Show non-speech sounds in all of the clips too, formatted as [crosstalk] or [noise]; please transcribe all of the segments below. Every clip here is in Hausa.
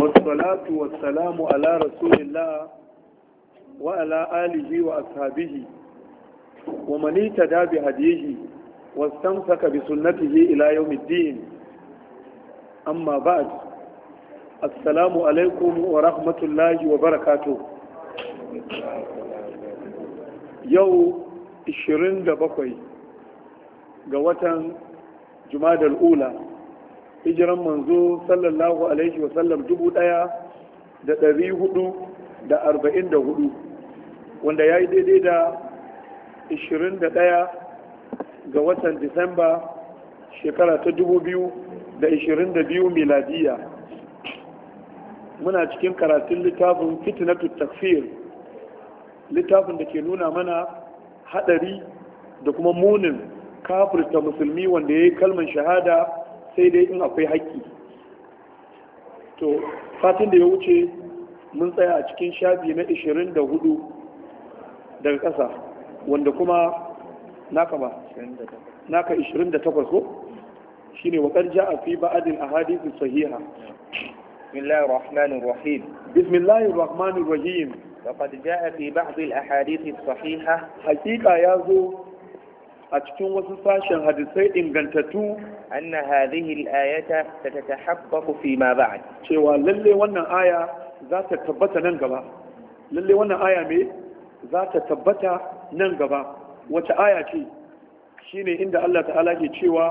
wasu wasalamu ala rasulillah wa ala alihi wa ashabihi wa manita da bi hadihi wasamsaka bi sunnatihi ila yawmiddin amma ba'd assalamu alaikum wa rahmatullahi wa barakatuh yau 27 ga watan jumadal ula hijiran manzo sallallahu alaihi wasallam dubu ɗaya da ɗari hudu da arba'in da hudu wanda ya yi daidai da ishirin da ɗaya ga watan disamba shekara ta dubu biyu da ishirin da biyu miladiya muna cikin karatun littafin fitnatu takfir littafin da ke nuna mana haɗari da kuma munin kafirta musulmi wanda ya yi kalmar shahada sai dai in akwai haƙƙi to satin da ya wuce mun tsaya a cikin shafi na 24 daga ƙasa wanda kuma naka ba naka 28 ko shine wa qad ja'a fi a ahadith sahiha bismillahir rahmanir rahim bismillahir rahmanir rahim laqad ja'a fi ba'dil ahadith sahiha haqiqa yazo a cikin wasu sashen hadisai ingantattu anna hadhihi al-ayata tatatahaqqaqu fi ma ba'd cewa lalle wannan aya za ta tabbata nan gaba lalle wannan aya me za ta tabbata nan gaba wace aya ce shine inda Allah ta'ala ke cewa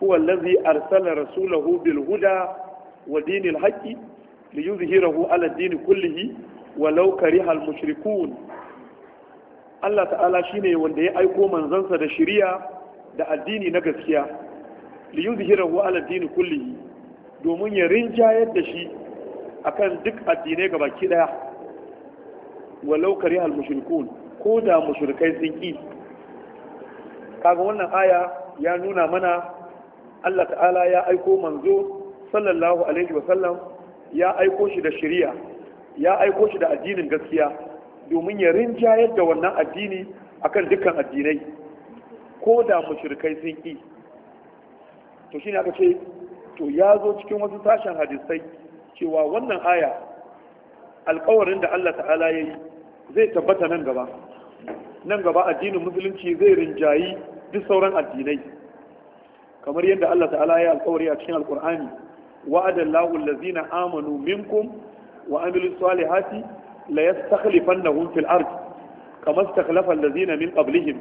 huwa allazi arsala rasulahu bil huda wa dinil haqqi liyuzhirahu ala ad kullihi walau karihal mushrikun Allah ta'ala shine wanda ya aiko manzansa da shiriya da addini na gaskiya li yuzhirahu ala dini kullihi domin ya rinjayar da shi akan duk addinai baki daya walau kariha al-mushrikun ko da mushrikai sun ki kaga wannan aya ya nuna mana Allah ta'ala ya aiko manzo sallallahu alaihi wa sallam ya aiko shi da shiriya ya aiko shi da addinin gaskiya domin ya rinjayar da wannan addini akan dukkan addinai ko da mushrikai sun ƙi to shine aka ce to ya zo cikin wasu sashen hadisai cewa wannan aya alkawarin da Allah ta'ala ya yi zai tabbata nan gaba nan gaba addinin musulunci zai rinjayi duk sauran addinai kamar yadda Allah ta'ala ya alkawari a cikin alkur'ani wa'adallahu allazina amanu minkum wa salihati la yastakhlifannahum fil kamar kama istakhlafa allazina min qablihim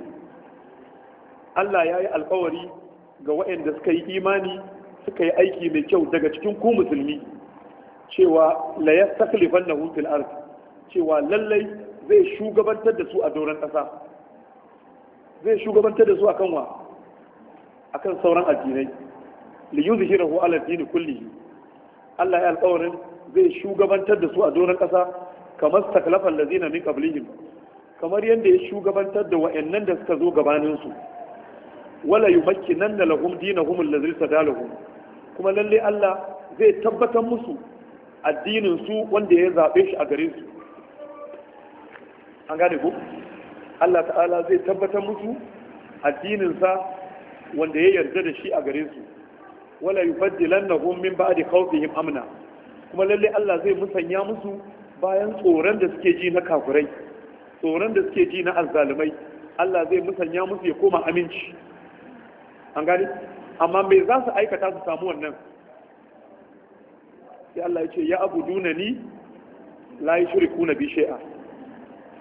Allah ya yi alƙawari ga waɗanda suka yi imani suka yi aiki mai kyau daga cikin ku musulmi cewa la na fil ard cewa lallai zai shugabantar da su a doron ƙasa zai shugabantar da su a akan wa kan sauran addinai li yuzhirahu ala dini kulli Allah ya alƙawarin zai shugabantar da su a doron ƙasa kamar taklafan lazina min qablihim kamar yadda ya shugabantar da wa'annan da suka zo gabaninsu wala nan yumakkinanna lahum dina dinahum allazi sadalahum kuma lalle Allah zai tabbatar musu addinin su wanda ya zaɓe shi a gare su an gane ku Allah ta'ala zai tabbatar musu addinin sa wanda ya yarda da shi a gare su wala yubaddilannahum min ba'di khawfihim amna kuma lalle Allah zai musanya musu bayan tsoron da suke ji na kafurai tsoron da suke ji na azzalumai Allah zai musanya musu ya koma aminci an gani amma me za su aikata su samu wannan sai Allah ya ce ya duna ni la yushriku kuna bi shi'a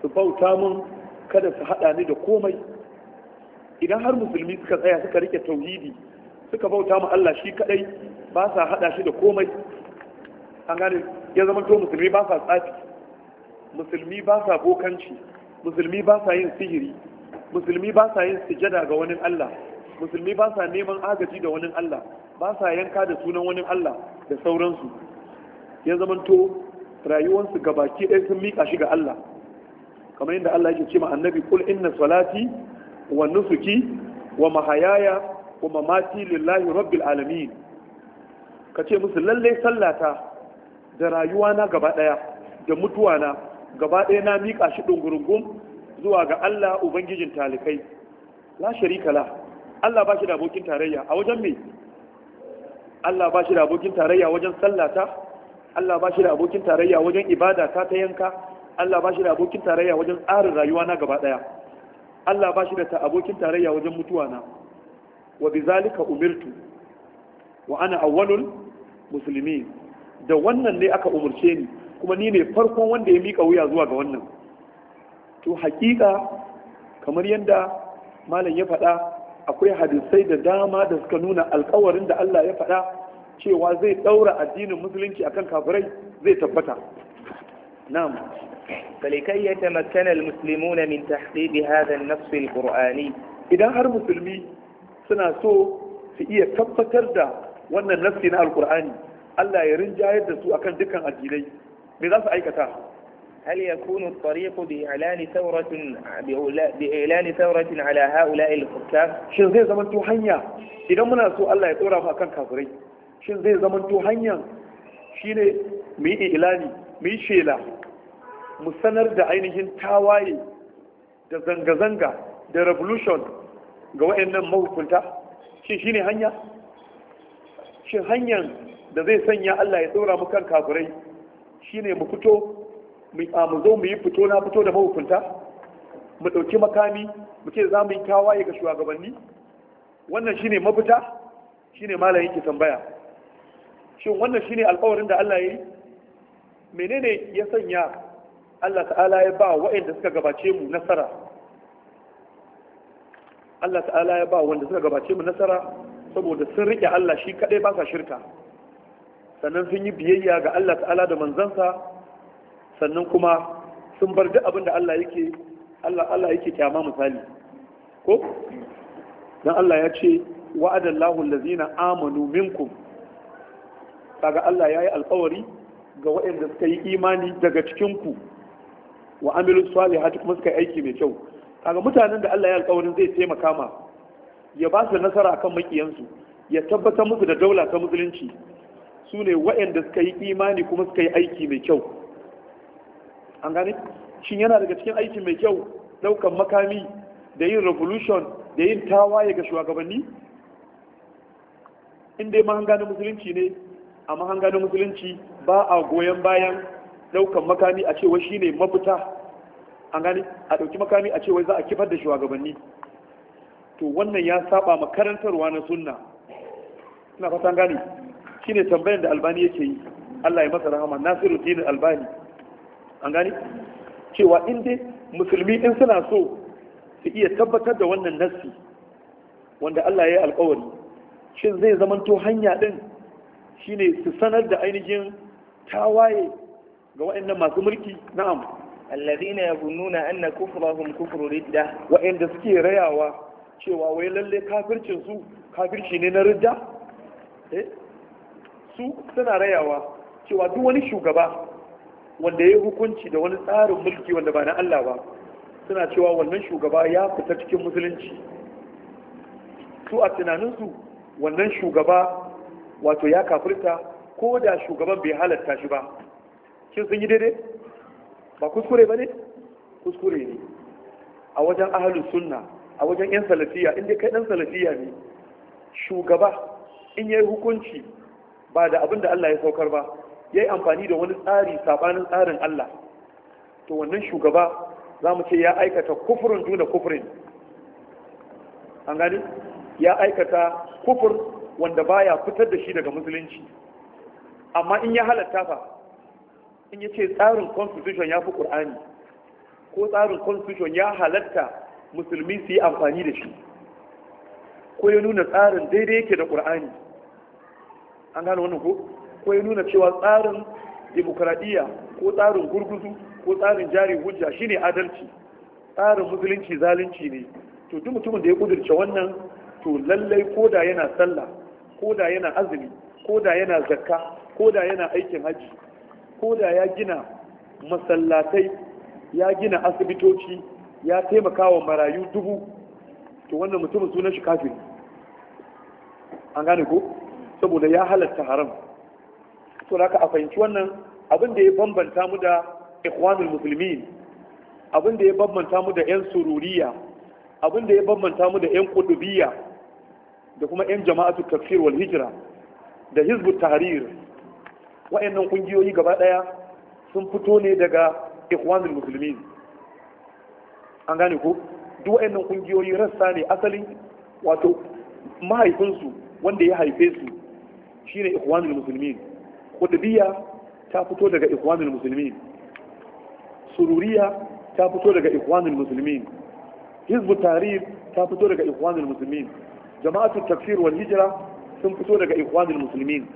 su bauta mun kada su hada ni da komai idan har musulmi suka tsaya suka rike tauhidi suka bauta mu Allah shi kadai ba sa hada shi da komai an gane ya zama to musulmi ba sa tsafi musulmi ba sa bokanci musulmi ba sa yin sihiri musulmi ba sa yin sujada ga wani Allah musulmi ba sa neman agaji da wani Allah ba sa yanka da sunan wani Allah da sauransu ya zamanto rayuwarsu ga baki ɗaya sun miƙa shi ga Allah kamar yadda Allah yake ce ma annabi kul inna salati wa nusuki wa mahayaya wa mamati lillahi rabbil alamin kace musu lalle sallata da rayuwa na gaba ɗaya da mutuwa na gaba ɗaya na miƙa shi ɗungurungun zuwa ga Allah Ubangijin talikai la sharika la Allah ba shi da abokin tarayya a wajen me Allah ba shi da abokin tarayya wajen sallata Allah ba shi da abokin tarayya wajen ibada ta ta yanka Allah ba shi da abokin tarayya wajen tsarin rayuwa na gaba ɗaya Allah ba shi da abokin tarayya wajen mutuwa na wa bizalika umirtu wa ana awwalul muslimin da wannan ne aka umarce ni kuma ni ne farkon wanda ya miƙa wuya zuwa ga wannan to haƙiƙa, kamar yadda malam ya faɗa akwai hadisai da dama da suka nuna alkawarin da Allah ya faɗa cewa zai ɗaura addinin musulunci akan kafirai zai tabbata na'am فلكي يتمكن المسلمون من تحقيق هذا al القرآني idan har musulmi suna so su iya tabbatar da wannan nafsi na alkur'ani Allah ya rinjayar da su akan dukkan addinai me za su aikata هل يكون الطريق بإعلان ثورة بإعلان ثورة على هؤلاء الحكام؟ شن زي زمن توحنيا إذا منا سو الله يطورا فأكن كافرين شن زي زمن توحنيا شين مي إعلاني مي شيلا مستنر دا عينهن تاواي da zanga-zanga da revolution ga wa'annan mahukunta shi ne hanya shi hanyar da zai sanya Allah ya tsora mu kan kafirai shine mu fito mu zo mu yi fito na fito da mahukunta mu ɗauki makami mu ce za mu yi tawaye ga shugabanni wannan shine mafita shine malam yake tambaya shin wannan shine alƙawarin da Allah ya yi menene ya sanya Allah ta'ala ya ba waɗanda suka gabace mu nasara Allah ta'ala ya ba wanda suka gabace mu nasara saboda sun riƙe Allah shi kaɗai ba sa shirka sannan sun yi biyayya ga Allah ta'ala da manzansa sannan kuma sun bar duk abin da Allah yake Allah Allah yake kyama misali ko dan Allah ya ce wa'adallahu allazina amanu minkum kaga Allah ya yi alƙawari ga waɗanda suka yi imani daga cikin ku wa amilu salihati kuma suka yi aiki mai kyau kaga mutanen da Allah ya alƙawarin zai taimaka ma ya ba su nasara akan makiyansu ya tabbatar musu da daula ta musulunci su ne waɗanda suka yi imani kuma suka yi aiki mai kyau an gane shin yana daga cikin aiki mai kyau ɗaukan makami da yin revolution da yin tawaye ga shugabanni in dai mahanganin musulunci ne a mahanganin musulunci ba a goyon bayan ɗaukan makami a cewa shi ne mafita an gane a ɗauki makami a cewa za a kifar da shugabanni to wannan ya saba makarantarwa na sunna ina fata gane shine tambayar da albani yake yi Allah ya masa rahama nasiruddin albani an gani cewa in dai musulmi in suna so su iya tabbatar da wannan nassi wanda Allah ya yi alkawari shin zai zamanto hanya din shine su sanar da ainihin tawaye ga waɗannan masu mulki na'am alladhina yazunnuna anna kufrahum kufru ridda waɗanda suke rayawa cewa wai lalle kafircin su kafirci ne na ridda eh? su suna rayawa cewa duk wani shugaba wanda ya yi hukunci da wani tsarin mulki wanda ba na Allah ba suna cewa wannan shugaba ya fita cikin musulunci su a tunaninsu wannan shugaba wato ya kafirta ko da shugaban bai halatta shi ba shin sun yi daidai ba kuskure ba ne kuskure ne a wajen ahalus sunna a wajen yan salafiya inda kai dan salafiya ne shugaba in yi hukunci ba da abin da Allah ya saukar ba ya yi amfani da wani tsari sabanin tsarin Allah to wannan shugaba za mu ce ya aikata kufurin duna kufurin an gani ya aikata kufur wanda baya fitar da shi daga musulunci amma in ya halatta fa in ya ce tsarin constitution ya fi ƙur'ani ko tsarin constitution ya halatta musulmi su yi amfani da shi ko ya nuna tsarin daidai yake da ƙur'ani an gane wannan ko ko ya nuna cewa tsarin demokradiyya ko tsarin gurguzu ko tsarin jari hujja shine adalci tsarin musulunci zalunci ne to duk mutumin da ya kudurce wannan to lallai koda yana sallah koda yana azumi koda yana zakka koda yana aikin haji koda ya gina masallatai ya gina asibitoci ya taimaka wa marayu dubu to wannan mutumin sunan shi kafiri an gane ko saboda ya halatta haram to da a fahimci wannan abin da ya bambanta mu da ikhwanul muslimin abin da ya bambanta mu da yan sururiya abin da ya bambanta mu da yan qudubiyya da kuma yan jama'atu tafsir wal hijra da hizbut tahrir wa'annan kungiyoyi gaba daya sun fito ne daga ikhwanul muslimin an gane ko duk wa'annan kungiyoyi rassa ne asalin wato mahaifinsu wanda ya haife su shine ikhwanul muslimin qutbiyya ta fito daga ikhwanul muslimin sururiya ta fito daga ikhwanul muslimin Hizb tarif ta fito daga ikhwanul muslimin jama'atul tafsir wal hijra sun fito daga ikhwanul muslimin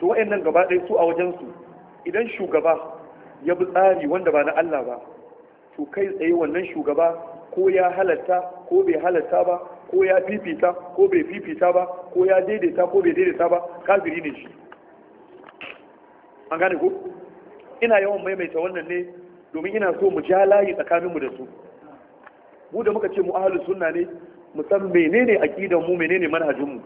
to wayannan gaba ɗaya su a wajen su idan shugaba ya bi tsari wanda ba na Allah ba to kai tsaye wannan shugaba ko ya halatta ko bai halatta ba ko ya fifita ko bai fifita ba ko ya daidaita ko bai daidaita ba kafiri ne shi an gane ko ina yawan maimaita wannan ne domin ina so mu ja layi mu da su mu da muka ce mu ahlus sunna ne mu san menene akidan mu menene manhajin mu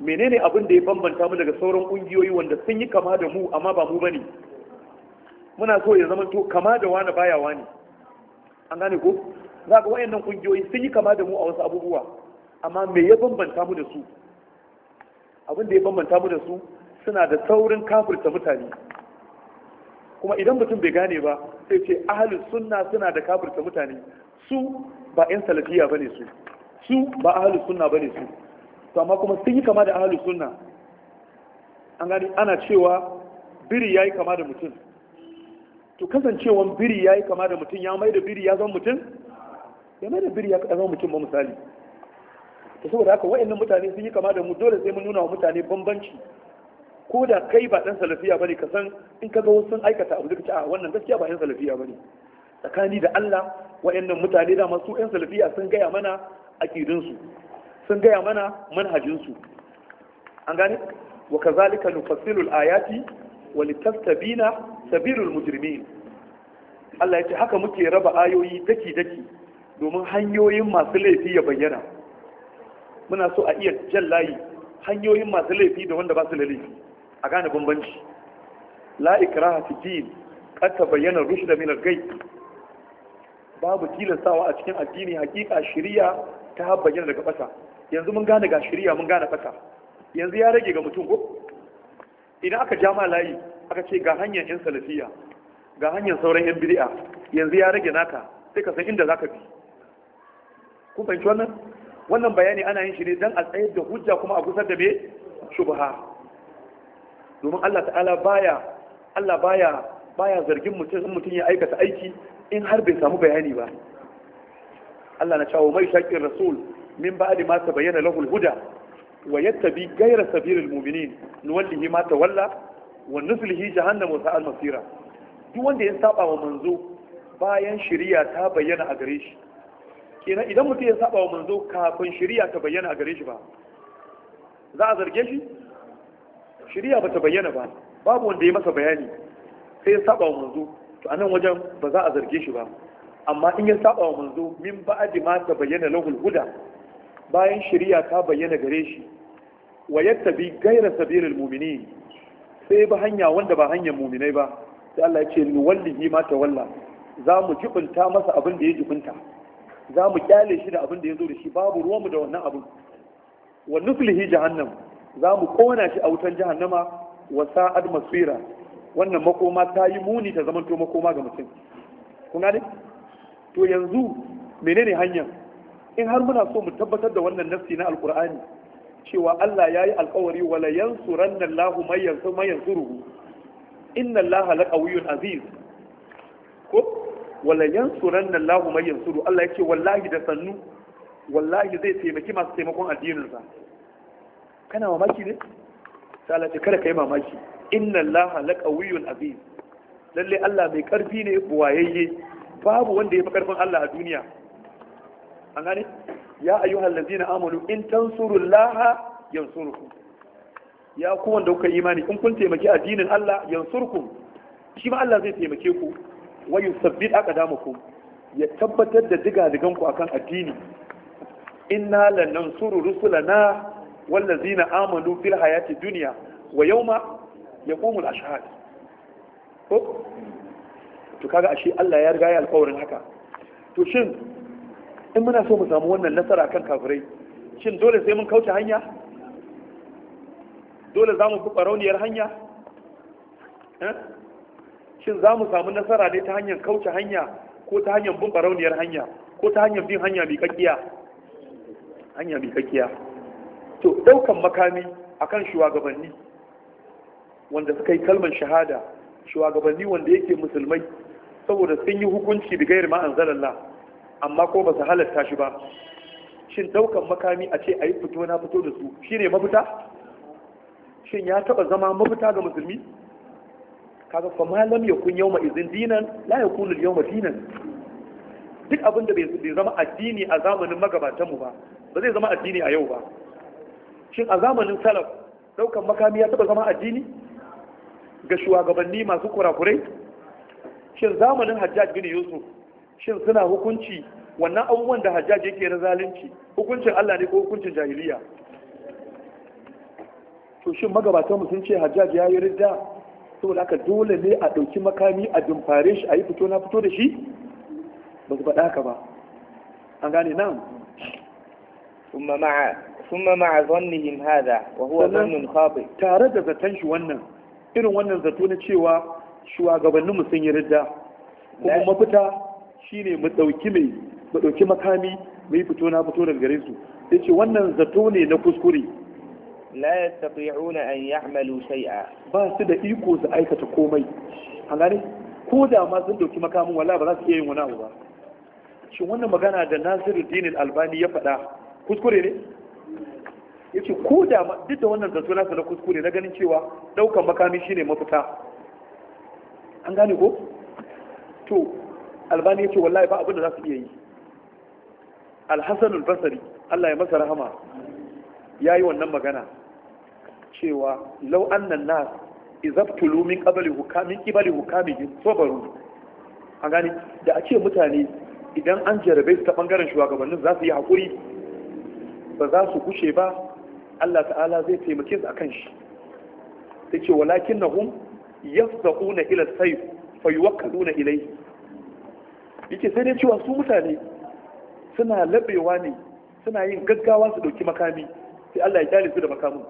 menene abin da ya bambanta mu daga sauran kungiyoyi wanda sun yi kama da mu amma ba mu bane muna so ya zama to kama da wani baya wani an gane ko za ga wayannan kungiyoyi sun yi kama da mu a wasu abubuwa amma me ya bambanta mu da su abin da ya bambanta mu da su suna da saurin kafirta mutane kuma idan mutum bai gane ba sai ce ahalin sunna suna da kafirta mutane su ba 'yan salafiya ba ne su su ba ahalin sunna ba ne su to amma kuma sun yi kama da ahalin sunna an gani ana cewa biri ya yi kama da mutum to kasancewan biri ya yi kama da mutum ya mai da biri ya zan mutum game da biri ya kaɗa zama mutum ba misali Ta saboda haka wa'annan mutane sun yi kama da mu dole sai mun nuna wa mutane bambanci ko da kai ba ɗan salafiya ba ne, ka san in ka ga wasu sun aikata abu duka, a wannan gaskiya ba yan salafiya ba ne. tsakani da Allah wa'annan mutane da masu yan salafiya sun gaya mana aqidin sun gaya mana manhajinsu. an gane wa kazalika nufassilu al-ayati wa litastabina sabilul mujrimin Allah ya ce haka muke raba ayoyi daki daki domin hanyoyin masu laifi ya bayyana muna so a iya jan layi hanyoyin masu laifi da wanda ba su da laifi a gane bambanci La'ikara ikraha fi din bayyana rushe da minar gai gay babu tilastawa a cikin addini hakika shirya ta bayyana daga ƙasa yanzu mun gane ga shirya mun gane ƙasa yanzu ya rage ga mutum ko idan aka ja ma layi aka ce ga hanyar yan salafiya ga hanyar sauran yan bid'a yanzu ya rage naka sai ka san inda za ka bi kun fahimci wannan wannan bayani ana yin shi ne dan a tsayar da hujja kuma a gusar da me shubha domin Allah ta'ala baya Allah baya baya zargin mutum in mutum ya aikata aiki in har bai samu bayani ba Allah na cewa mai shakin rasul min ba'di ma tabayyana lahu al-huda wa yattabi ghayra sabilil mu'minin nuwallihi ma tawalla wa nuslihi jahannam wa sa'al masira duk wanda ya saba wa manzo bayan shari'a ta bayyana a gare shi kenan idan mutum ya saba wa manzo kafin shari'a ta bayyana a gare shi ba za a zarge shi shari'a ba ta bayyana ba babu wanda ya masa bayani sai ya saba wa manzo to anan wajen ba za a zarge shi ba amma in ya saba wa manzo min ba'di ma ta bayyana lahul huda bayan shari'a ta bayyana gare shi wa yattabi gaira sabilil mu'minin sai ba hanya wanda ba hanyar mu'minai ba sai Allah ya ce wallahi ma tawalla za mu jibinta masa abin da ya jibinta za mu kyale shi da abin da ya zo da shi babu ruwanmu da wannan abin wa nuflihi jahannam za mu kona shi a wutan jahannama wa sa'ad masira wannan makoma ta yi muni ta zamanto makoma ga mutum kun gane to yanzu menene hanyar in har muna so mu tabbatar da wannan nafsi na alkur'ani cewa Allah ya yi alkawari wala yansuranna Allahu may yansuru inna Allaha laqawiyyun aziz ko wala yansuranna Allahu mai yansuru Allah ya ce wallahi da sannu wallahi zai taimaki masu taimakon addininsa kana mamaki ne sai Allah ce kada kai mamaki inna Allaha laqawiyyun azim lalle Allah mai karfi ne buwayayye babu wanda ya fi karfin Allah a duniya an gane ya ayyuhal ladzina amanu in tansurullaha yansurukum ya ku wanda kuka imani in kun taimaki addinin Allah yansurkum shi ma Allah zai taimake ku aka damu aqdamakum ya tabbatar da diga-digan ku akan addini inna lanansuru rusulana wallazina amanu fil hayati dunya wa yawma yaqumul ashhad ko to kaga ashe Allah ya riga ya alƙawarin haka to shin in muna so mu samu wannan nasara kan kafirai shin dole sai mun kauce hanya dole za mu fi ɓarauniyar hanya eh? shin za mu samu nasara ne ta hanyar kauce hanya ko ta hanyar bin barauniyar hanya ko ta hanyar bin hanya kakkiya hanya kakkiya to ɗaukan makami akan shugabanni wanda suka yi kalmar shahada shugabanni wanda yake musulmai saboda sun yi hukunci da gairi ma'an amma ko ba su halatta shi ba shin ɗaukan makami a ce a yi fito na fito da su shine mafita shin ya taɓa zama mafita ga musulmi kaga fa ma lam yakun yawma idhin dinan la yakunu al-yawma dinan duk abin da bai zama addini a zamanin magabatanmu ba ba zai zama addini a yau ba shin a zamanin salaf daukan makami ya taba zama addini ga shugabanni masu kurakurai shin zamanin hajjaj bin yusuf shin suna hukunci wannan abubuwan da hajjaj yake na zalunci hukuncin Allah ne ko hukuncin jahiliya to shin magabatanmu sun ce hajjaj ya yi ridda saboda aka dole ne a ɗauki makami a dumfare shi a yi fito na fito da shi ba su faɗa haka ba an gane nan ثم مع ثم مع ظنهم هذا وهو ظن خاطئ tare da zaton shi wannan irin wannan zato na cewa shugabannin mu sun yi ridda kuma mafita shi ne dauki mai mu makami mai fito na fito daga gare su ce wannan zato ne na kuskure la yastati'una an ya'malu shay'a ba su da iko su aikata komai an gane ko da ma sun dauki makamin wala ba za su iya yin wani abu ba shin wannan magana da Nasiru Albani ya faɗa kuskure ne yace ko da ma duk da wannan zato nasa na kuskure na ganin cewa daukan makami shine mafita an gane ko to albani yace wallahi ba abin da za su iya yi Al-Basri allah ya masa rahama ya yi wannan magana cewa lau annan nas izabtulu min qabli hukami qibali hukami sabaru a gani da a mutane idan an jarabe su ta bangaren shugabannin za su yi hakuri ba za su kushe ba Allah ta'ala zai taimake su akan shi sai ce walakin walakinnahum na ila sayf fayuwakkaluna ilayhi yake sai dai cewa su mutane suna labewa ne suna yin gaggawa su ɗauki makami sai Allah ya kyale su da makamin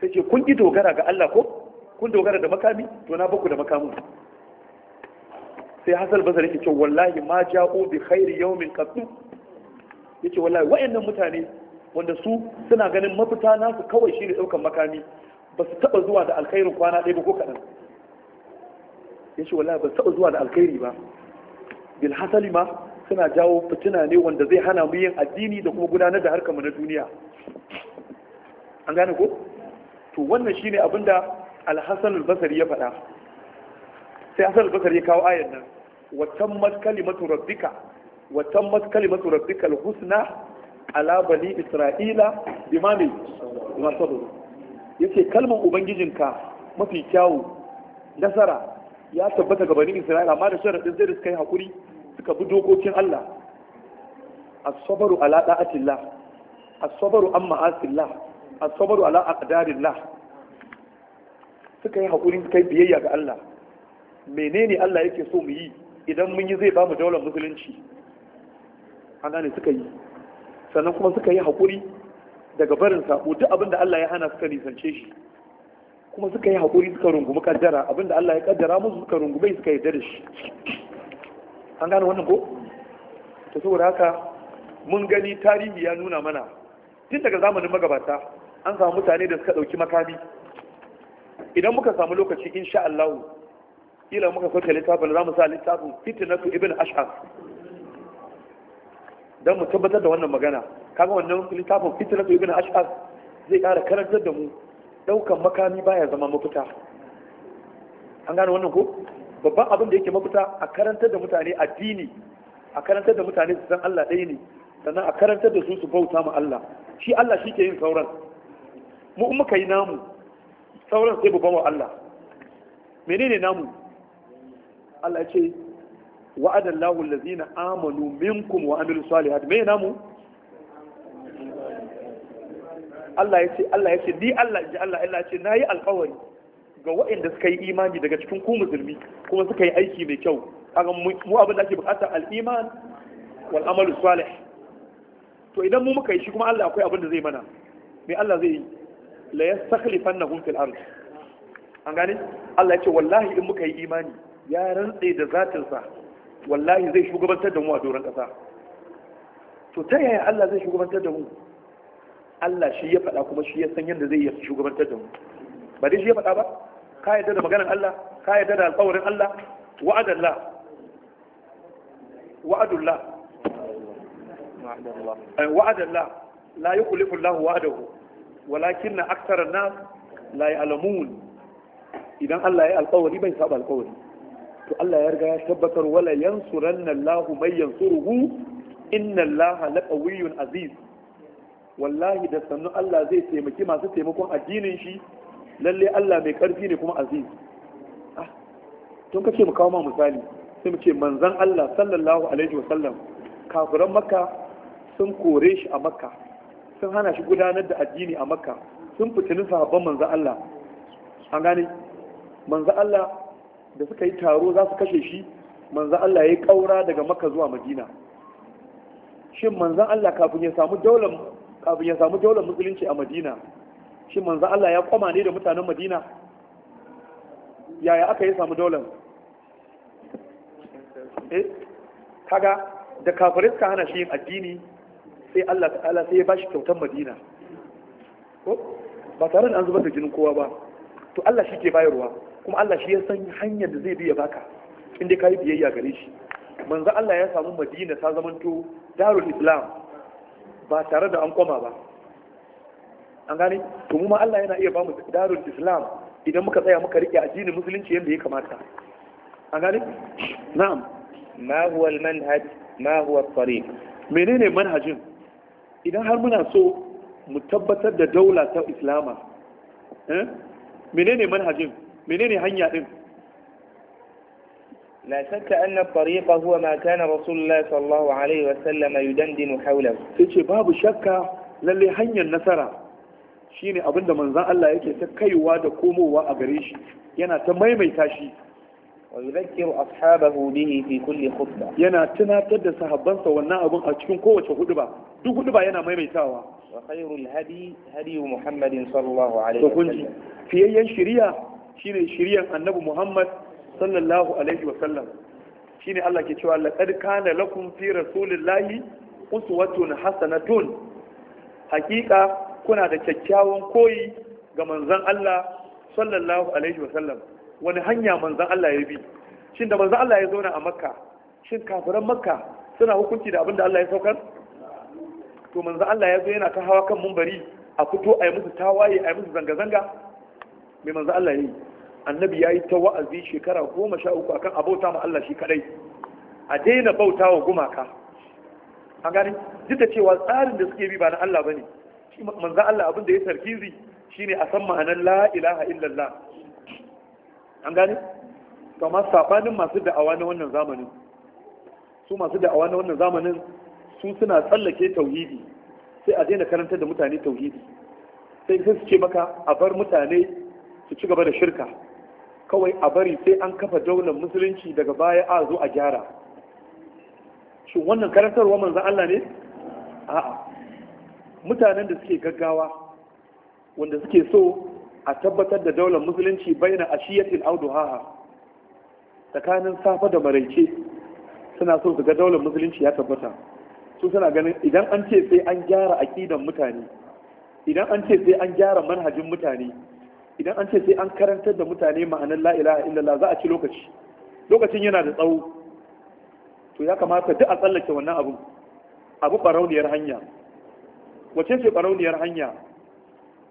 sai ce kun ki dogara ga Allah ko kun dogara da makami to na baku da makamin sai Hassan Basri yake cewa wallahi ma ja'u bi khairi yawmin qattu yace wallahi wayannan mutane wanda su suna ganin mafita nasu kawai shine daukan makami ba su taba zuwa da alkhairin kwana ɗaya ba ko kaɗan ya ce wallahi ba su taba zuwa da alkhairi ba bilhassali ma suna jawo fitina ne wanda zai hana mu yin addini da kuma gudanar da harkar mu na duniya an gane ko to wannan shine abinda al-hasan al-basri ya faɗa sai hasan al-basri ya kawo ayan nan wa tammat kalimatu rabbika wa tammat kalimatu rabbika al-husna ala bani isra'ila bima ne bima sabu yace kalmar ubangijinka mafi kyawu nasara ya tabbata ga bani isra'ila amma da sharadin zai suka yi hakuri suka bi dokokin Allah as-sabru ala da'atillah as-sabru amma asillah asabaru sabru ala aqdarillah suka yi hakuri suka yi biyayya ga Allah menene Allah yake so mu yi idan mun yi zai ba mu daular musulunci an gane suka yi sannan kuma suka yi hakuri daga barin sabo duk abin da Allah ya hana suka nisance shi kuma suka yi hakuri suka rungumi kaddara abin da Allah ya kaddara musu suka rungume suka yi da shi an gane wannan ko to saboda haka mun gani tarihi ya nuna mana tun daga zamanin magabata an samu mutane da suka ɗauki makami idan muka samu lokaci insha Allah ila muka sauke littafin za mu sa littafin fitnatu ibn ash'ar dan mu tabbatar da wannan magana kaga wannan littafin fitnatu ibn ash'ar zai ƙara karantar da mu ɗaukan makami baya zama mafita an gane wannan ko babban abin da yake mafita a karantar da mutane addini a karantar da mutane su san Allah ɗaya ne sannan a karantar da su su bauta ma Allah shi Allah shi ke yin sauran mu in muka yi namu sauran sai babban wa Allah menene namu Allah ya ce wa'ada Allahu allazina amanu minkum wa amilu salihat me namu Allah ya ce Allah ya ce ni Allah ji Allah Allah ya ce nayi alƙawari ga waɗanda suka yi imani daga cikin ku musulmi kuma suka yi aiki mai kyau kaga mu abin da ake bukata al-iman wal amalu salih to idan mu muka yi shi kuma Allah akwai abin da zai mana me Allah zai yi la yastakhlifannahum fil ard an gani? Allah ya ce wallahi in muka yi imani ya rantse da zatinsa wallahi zai shugabantar da mu a doron ƙasa to ta yaya Allah zai shugabantar da mu Allah shi ya faɗa kuma shi ya san yadda zai yi shugabantar da mu ba dai shi ya faɗa ba ka yarda da maganar Allah ka yarda da alƙawarin Allah wa'adallah wa'adullah wa'adallah la yukhlifu Allah wa'adahu walakin na aksara na la idan Allah ya alƙawari bai saba alƙawari to Allah ya riga ya tabbatar wala yansuranna Allahu may yansuruhu inna Allaha laqawiyyun aziz wallahi da sannu Allah zai taimaki masu taimakon addinin shi lalle Allah mai karfi ne kuma aziz ah, tun kace mu kawo ma misali sai mu ce manzon Allah sallallahu alaihi wasallam kafiran makka sun kore shi a makka sun hana shi gudanar da addini a makka sun fitinin sahabban manzo Allah an gane manzo Allah da suka yi taro za su kashe shi manzo Allah ya kaura daga makka zuwa madina shin manzo Allah kafin ya samu daular kafin ya samu daular musulunci a madina shin manzo Allah ya kwama ne da mutanen madina yaya aka yi samu daular eh kaga da kafirai suka hana shi yin addini sai Allah ta'ala sai ya bashi kyautar Madina ko ba tare da an zubar da jinin kowa ba to Allah shi ke bayarwa kuma Allah shi ya san hanyar da zai bi ya baka Inda ka yi biyayya gare shi manzo Allah ya samu Madina ta zamanto darul Islam ba tare da an koma ba an gane to mu ma Allah yana iya bamu darul Islam idan muka tsaya muka rike addinin musulunci yadda ya kamata an gane na'am ma huwa al-manhaj ma huwa at-tariq menene manhajin idan har muna so mu tabbatar da daula ta islama menene manhajin menene hanya din لا شك أن الطريق هو ما كان رسول الله صلى الله عليه وسلم يدندن حوله تيجي باب شك للي هني النسرة شيني أبن من ذا الله يكي تكيوا دكوموا وأغريش ينا تميمي تاشي wa yudhakkiru ashabahu bihi fi kulli khutbah yana tunatar da sahabbansa wannan abun a cikin kowace hudba duk hudba yana maimaitawa wa khairul hadi hadi muhammadin sallallahu alaihi wasallam shiriya shine shiriyan annabi muhammad sallallahu alaihi wasallam shine Allah ke cewa laqad kana lakum fi rasulillahi uswatun hasanatun hakika kuna da kyakkyawan koyi ga manzon Allah sallallahu alaihi wasallam wani hanya manzan Allah ya bi shin da manzan Allah ya zauna a makka shin kafiran makka suna hukunci da abin da Allah ya saukar to manzan Allah ya zo yana ta hawa kan mumbari a fito a yi musu tawaye a yi musu zanga-zanga mai manzan Allah ya yi annabi ya yi ta wa'azi shekara goma sha uku akan abauta ma Allah shi kadai a daina bauta wa gumaka an gani duk da cewa tsarin da suke bi ba na Allah ba shi manzan Allah abin da ya tarkizi shine a san ma'anar la ilaha illallah an gane kamar safanin masu da'awa na wannan zamanin su masu da'awa na wannan zamanin su suna tsallake tauhidi sai a daina karantar da mutane tauhidi sai sai su ce maka a bar mutane su ci gaba da shirka kawai a bari sai an kafa daular musulunci daga baya a zo a gyara shin wannan karantarwa manzan Allah ne a'a mutanen da suke gaggawa wanda suke so a tabbatar da daular musulunci baina ashiyatin auduhaha tsakanin safa da maraice suna so su ga daular musulunci ya tabbata su suna ganin idan an ce sai an gyara aƙidan mutane idan an ce sai an gyara manhajin mutane idan an ce sai an karantar da mutane ma'anar la'ilaha, illallah za a ci lokaci lokacin yana da tsawo to ya kamata duk a tsallake wannan abu abu barauniyar hanya wace ce barauniyar hanya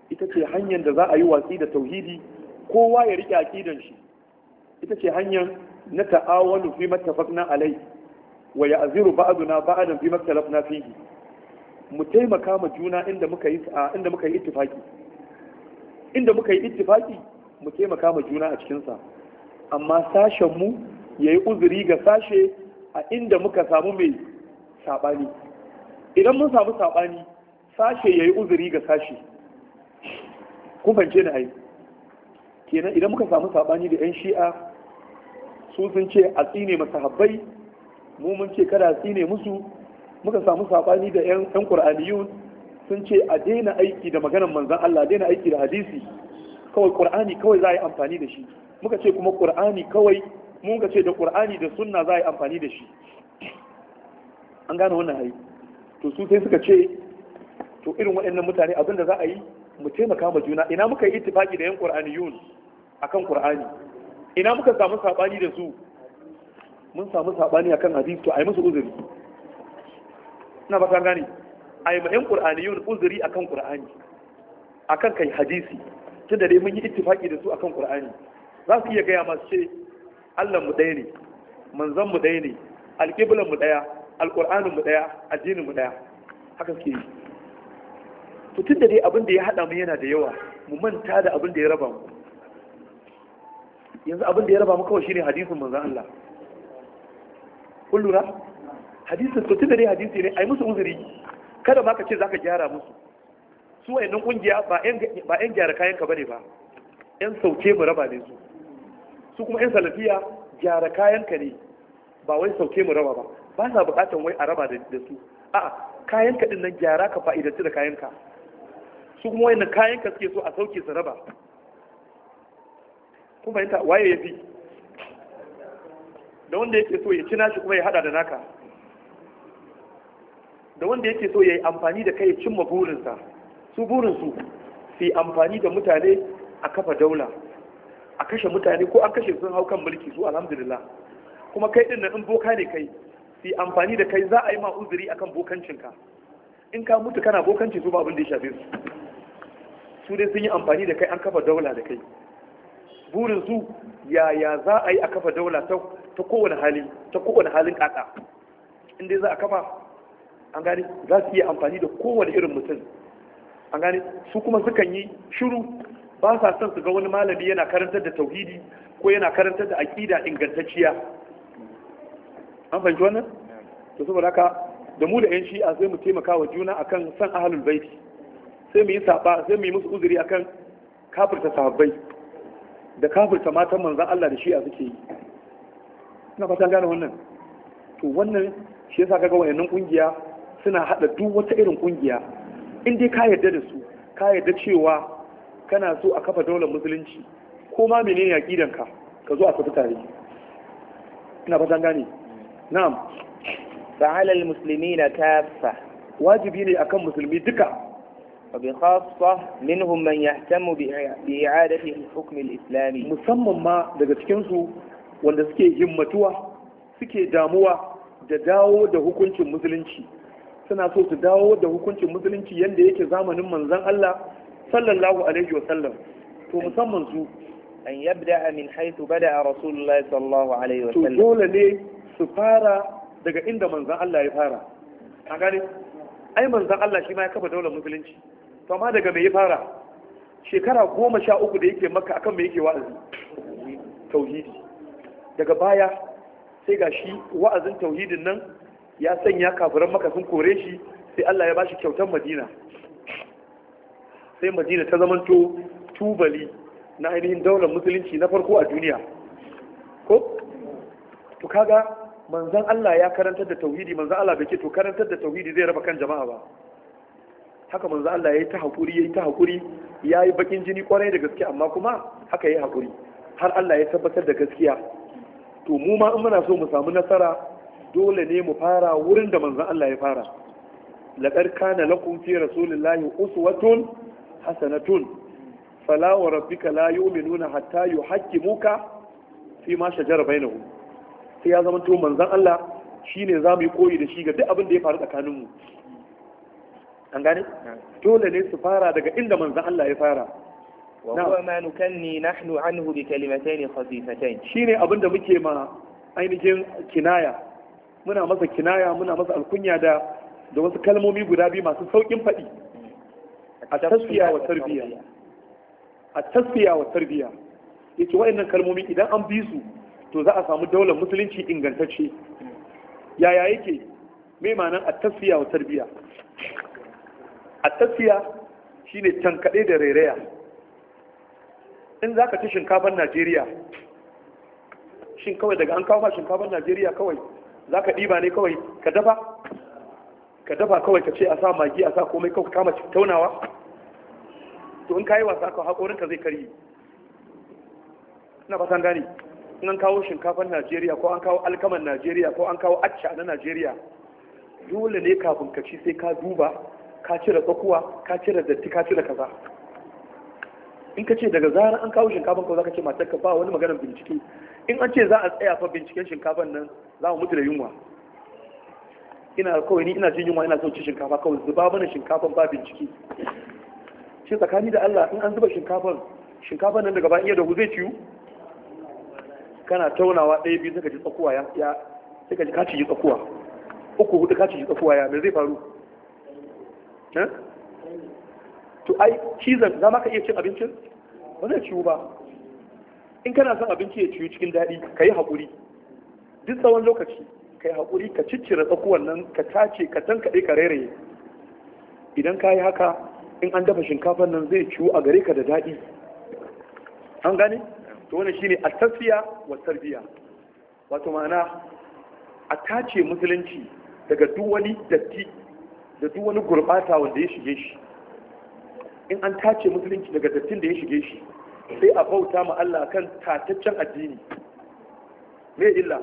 ita ce hanyar da za a yi watsi da tauhidi kowa ya rike aqidan shi ita ce hanyar na ta'awunu fi mattafaqna alai wa ya'ziru ba'duna ba'dan fi mattalafna fihi mu taimaka ma juna inda muka yi inda muka yi ittifaki inda muka yi ittifaki mu taimaka ma juna a cikin sa amma sashen mu yayi uzuri ga sashe a inda muka samu mai sabani idan mun samu sabani sashe yayi uzuri ga sashe kun fahimce ni ai kenan idan muka samu sabani da yan shi'a su sun ce a tsine habbai mu mun ce kada a tsine musu muka samu sabani da yan yan qur'aniyun sun ce a daina aiki da maganar manzon Allah daina aiki da hadisi kawai qur'ani kawai za a yi amfani da shi muka ce kuma qur'ani kawai mun ka ce da qur'ani da sunna za a yi amfani da shi an gane wannan hai to su sai suka ce to irin waɗannan mutane abinda da za a yi mu taimaka ma juna ina muka yi ittifaki da yan qur'aniyun akan qur'ani ina muka samu sabani da su mun samu sabani akan hadisi to ai musu uzuri ina ba kan gani ai ma yan qur'aniyun uzuri akan qur'ani akan kai hadisi tunda dai mun yi ittifaki da su akan qur'ani za su iya gaya masu ce Allah mu ɗaya ne manzon mu ɗaya ne alƙiblan mu ɗaya alƙur'anin mu ɗaya addinin mu ɗaya haka suke yi Tutun tun da dai abin da ya haɗa mu yana da yawa mu manta da abin da ya raba mu yanzu abin da ya raba mu kawai shine hadisin manzon Allah kun lura hadisin to tun da dai hadisi ne ai musu uzuri kada ma ka ce zaka gyara musu su wayannan kungiya ba yan ba yan gyara kayan ka bane ba yan sauke mu raba ne su su kuma yan salafiya gyara kayan ka ne ba wai sauke mu raba ba ba sa bukatan wai a raba da su a'a kayan ka din nan gyara ka fa'idanci da kayan ka su kuma wani kayan ka suke so a sauke su raba kuma fahimta waye ya fi da wanda yake so ya ci nashi kuma ya hada da naka da wanda yake so ya yi amfani da kai ya cimma burinsa su burinsu su yi amfani da mutane a kafa daula a kashe mutane ko an kashe sun hau kan mulki su alhamdulillah kuma kai din in boka ne kai su yi amfani da kai za a yi ma uzuri akan bokancinka in ka mutu kana bokanci su ba abin da ya shafe su su dai sun yi amfani da kai an kafa daula da kai burin su yaya za a yi a kafa daula ta kowane hali ta kowane halin kaka in dai za a kafa an gani za su iya amfani da kowane irin mutum an gani su kuma sukan yi shiru ba sa son su ga wani malami yana karantar da tauhidi ko yana karantar da aƙida ingantacciya an fahimci wannan to saboda haka da mu da yan shi'a sai mu taimaka wa juna akan san ahlul baiti sai mu yi saba sai mu yi musu uzuri akan kafirta sahabbai da kafirta matan manzan Allah da shi'a suke yi ina fatan gane wannan to wannan shi yasa kaga wayannan kungiya suna hada duk wata irin kungiya in dai ka yarda da su ka yarda cewa kana so a kafa daular musulunci ko ma menene aqidan ka ka zo a tafi tare ina fatan gane na'am fa alal muslimina kaffa wajibi ne akan musulmi duka وبخاصة منهم من يهتم بإعادة الحكم الإسلامي مسمى ما دقتكنسو wanda suke himmatuwa suke damuwa da dawo da hukuncin musulunci suna so su dawo da hukuncin musulunci yadda yake zamanin manzon Allah sallallahu alaihi wasallam to musamman su an yabda min haythu bada rasulullahi sallallahu alaihi wasallam to dole ne su fara daga inda manzon Allah ya fara a gane ai manzon Allah shi ma ya kafa daular musulunci to amma daga mai ya fara shekara goma sha uku da yake maka akan mai yake wa'azi tauhidi daga baya sai ga shi wa'azin tauhidin nan ya sanya kafiran maka sun kore shi sai Allah ya bashi kyautar madina sai madina ta zamanto tubali na ainihin daular musulunci na farko a duniya ko to kaga manzan Allah ya karantar da tauhidi manzan Allah bai ke to karantar da tauhidi zai raba kan jama'a ba haka manzo Allah yayi ta hakuri yayi ta hakuri yayi bakin jini kwarai da gaske amma kuma haka yayi hakuri har Allah ya tabbatar da gaskiya to mu ma in muna so mu samu nasara dole ne mu fara wurin da manzo Allah ya fara laqad kana lakum fi rasulillahi uswatun hasanatun fala wa rabbika la yu'minuna hatta yuhaqqimuka fi ma shajara bainahum sai ya zama to manzon Allah shine zamu yi koyi da shi ga duk abin da ya faru tsakanin mu an gane? dole ne su fara daga inda manzan Allah ya fara. wa ma nukanni nahnu anhu bi kalimatain khafifatain shine abinda muke ma ainihin kinaya muna masa kinaya muna masa alkunya da da wasu kalmomi guda biyu masu saukin fadi a tasfiya wa tarbiya a tasfiya wa tarbiya yace wayannan kalmomi idan an bi su to za a samu daular musulunci ingantacce hmm. yaya yake me ma'anar a tasfiya wa tarbiya a tafiya shi ne tankaɗe da rairaya in za ka ci shinkafar najeriya shin kawai daga an kawo ma shinkafar najeriya kawai za ka ɗiba ne kawai ka dafa ka dafa kawai ka ce a sa magi a sa komai kawai kama taunawa to in ka yi wasa ka ka zai karye ina fatan gani in an kawo shinkafar najeriya ko an kawo alkaman najeriya ko an kawo acca na najeriya dole ne kafin ka ci sai ka duba ka cire tsakuwa ka cire datti ka cire kaza in ka ce daga zarar an kawo shinkafan ka za ka ce matar ka ba wani maganar bincike in an ce za a tsaya fa binciken shinkafan nan za mu mutu da yunwa ina kawai ni ina jin yunwa ina son ci shinkafa kawai zuba mana shinkafan ba bincike shi tsakani da Allah in an zuba shinkafan shinkafan nan daga bayan iya da zai ciyu kana taunawa ɗaya biyu suka ji tsakuwa ya suka ji ka ci tsakuwa uku hudu ka ci tsakuwa ya me zai faru Eh? to ai cizon za ma ka iya cin abincin ba zai ciwu ba in kana son abinci ya ciwu cikin daɗi ka yi haƙuri duk tsawon lokaci ka yi haƙuri ka ciccire tsakuwan nan ka tace ka can kaɗe ka rairaye idan ka yi haka in an dafa shinkafar nan zai ciwu a gare ka da daɗi an gane to wannan shine a tafiya wa tarbiya wato ma'ana a tace musulunci daga duk wani datti da duk wani gurbata wanda ya shige shi in an tace musulunci daga dattin da ya shige shi sai a bauta ma Allah kan tataccen addini me illa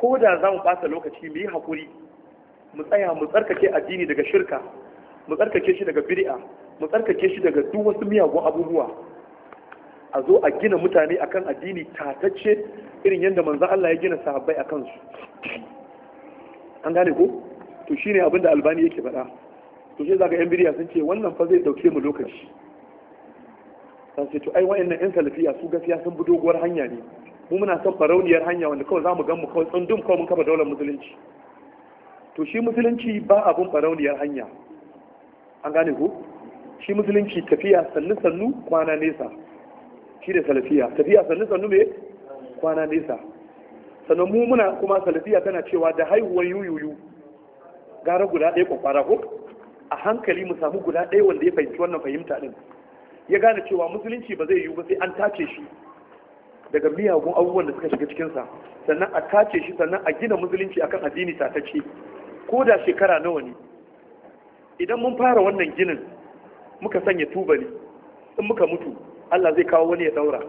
ko da za mu ɓata lokaci mu yi haƙuri mu tsaya mu tsarkake addini daga shirka mu tsarkake shi daga bid'a mu tsarkake shi daga duk wasu miyagun abubuwa a zo a gina mutane akan addini tatacce irin yadda manzo Allah ya gina sahabbai akan su an gane ko to shine abin da albani yake faɗa to sai zaka yan bidiya sun ce wannan fa zai dauke mu lokaci san sai to ai wa'annan yan salafiya su gaskiya sun bi doguwar hanya ne mu muna son farauniyar hanya wanda kawai zamu gan mu kawai dum kawai mun kafa daular musulunci to shi musulunci ba abun farauniyar hanya an gane ko shi musulunci tafiya sannu sannu kwana nesa shi da salafiya tafiya sannu sannu me kwana nesa sannan mu muna kuma salafiya tana cewa da haihuwar yuyuyu gara guda ɗaya kwakwara ko a hankali mu samu guda ɗaya wanda ya fahimci wannan fahimta ɗin ya gane cewa musulunci ba zai yiwu ba sai an tace shi daga miyagun abubuwan da suka shiga cikinsa sannan a tace shi sannan a gina musulunci akan addini ta ce. ko da shekara nawa ne idan mun fara wannan ginin muka sanya tubali in muka mutu Allah zai kawo wani ya daura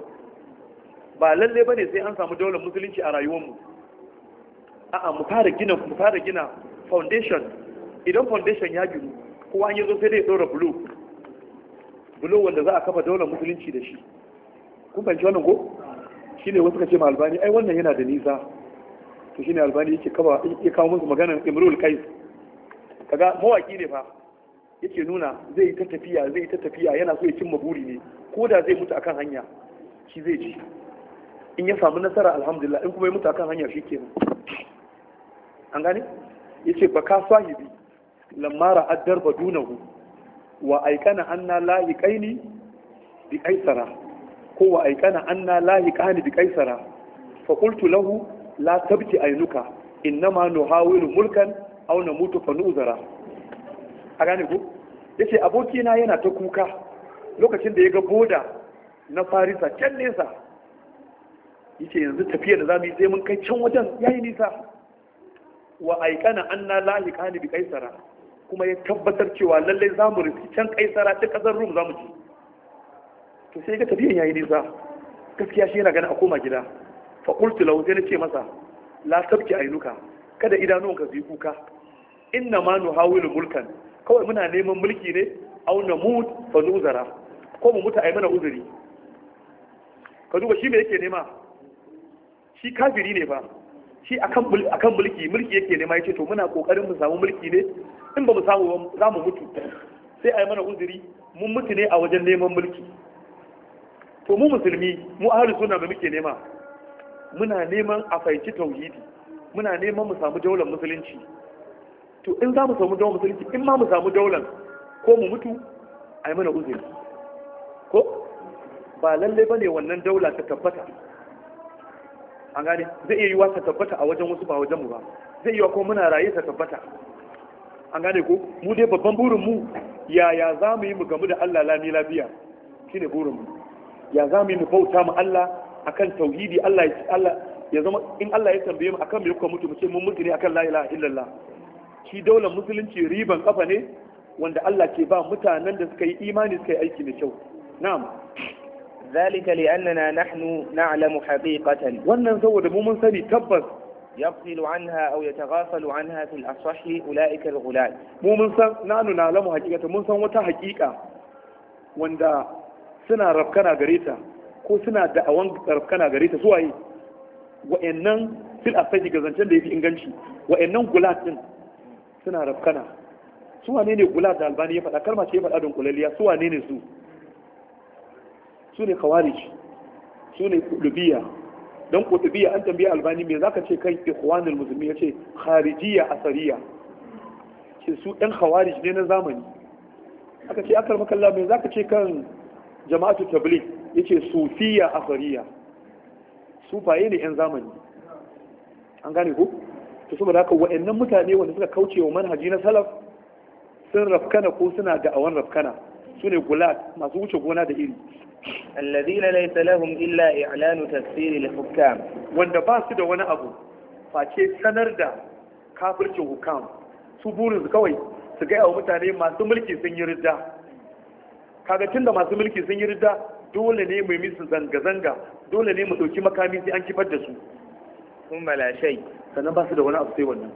ba lalle ba ne sai an samu daular musulunci a rayuwarmu a mu fara gina mu fara gina foundation idan foundation ya ginu kowa an yi sai dai dora bulo bulo wanda za a kafa daular musulunci da shi kun fahimci wannan ko shi ne wasu ka ce ma albani ai wannan yana da nisa to shine albani yake kawa yake kawo musu magana imrul kai kaga mawaki ne fa yake nuna zai ta tafiya zai ta tafiya yana so ya cimma buri ne ko da zai mutu akan hanya shi zai ji in ya samu nasara alhamdulillah in kuma ya mutu akan hanya shikenan an gane ce ba ka sahibi lamara addar darba dunahu wa aikana anna lahiqaini bi kaisara ko wa aikana anna lahiqani bi kaisara fa lahu la tabki ainuka innama nuhawilu mulkan aw namutu fa nuzara a gane ku ce abokina yana ta kuka lokacin da ya ga boda na farisa can nesa yace yanzu tafiyar da zamu yi sai mun kai can wajen yayi nisa wa aikana anna lahi ni bi kaisara kuma ya tabbatar cewa lallai zamu rufi can kaisara ta kasar rum zamu ci to sai ga tafiyar yayi nisa gaskiya shi yana gani a koma gida fa qultu lahu sai nace masa la tabki ainuka kada idanu su yi kuka inna ma nuhawilu mulkan kawai muna neman mulki ne au namut fa nuzara ko mu muta ai mana uzuri ka duba shi me yake nema shi kafiri ne ba shi akan mulki mulki yake nema yace to muna kokarin mu samu mulki ne in ba mu samu za mu mutu sai a yi mana uzuri mun mutu ne a wajen neman mulki to mu musulmi mu ahli sunna ba muke nema muna neman a faici tauhidi muna neman mu samu daular musulunci to in za mu samu daular musulunci in ma mu samu daular ko mu mutu a yi mana uzuri ko ba lalle ba ne wannan daula ta tabbata an gane zai iya yiwa ta tabbata a wajen wasu ba wajen mu ba zai iya ko muna raye ta tabbata an gane ko mu dai babban burin mu yaya za mu yi mu gamu da Allah lami lafiya shine burin mu ya za mu yi mu bauta mu Allah akan tauhidi Allah Allah ya zama in Allah ya tambaye mu akan me kuka mutu mu ce mun mutu ne akan la ilaha illallah shi daular musulunci riban kafa ne wanda Allah ke ba mutanen da suka yi imani suka yi aiki mai kyau na'am ذلك لأننا نحن نعلم حقيقة wannan saboda mu sani tabbas يغفل عنها أو يتغافل عنها في الأصح أولئك الغلال mu mun san nanu na'lamu haqiqatan mun san wata haqiqa wanda suna rafkana gare ko suna da'awan rafkana gare suwaye wa'annan fil asahi ga zancen da yafi inganci wa'annan gulat din suna rafkana su wane ne gulat da albani ya faɗa kalma ce ya faɗa don kulaliya su ne su su ne kawarij su ne kudubiya don kudubiya an tambaye albani me zaka ce kan ikhwanul musulmi yace kharijiyya asariya ce su ɗan kawarij ne na zamani aka ce akar makalla me zaka ce kan jama'atu tabligh yace sufiya asariya faye ne yan zamani an gane ku to saboda haka wa'annan mutane wanda suka kauce wa manhaji na salaf sun rafkana ko suna da'awan rafkana su ne gulat masu wuce gona da iri alladhina laysa lahum illa i'lanu tafsiri lil wanda ba su da wani abu face sanar da kafircin hukam su burin su kawai su ga yawa mutane masu mulki sun yi ridda kaga tunda masu mulki sun yi ridda dole ne mu yi musu zanga-zanga dole ne mu ɗauki makami sai an kifar da su sun malashai sannan ba su da wani abu sai wannan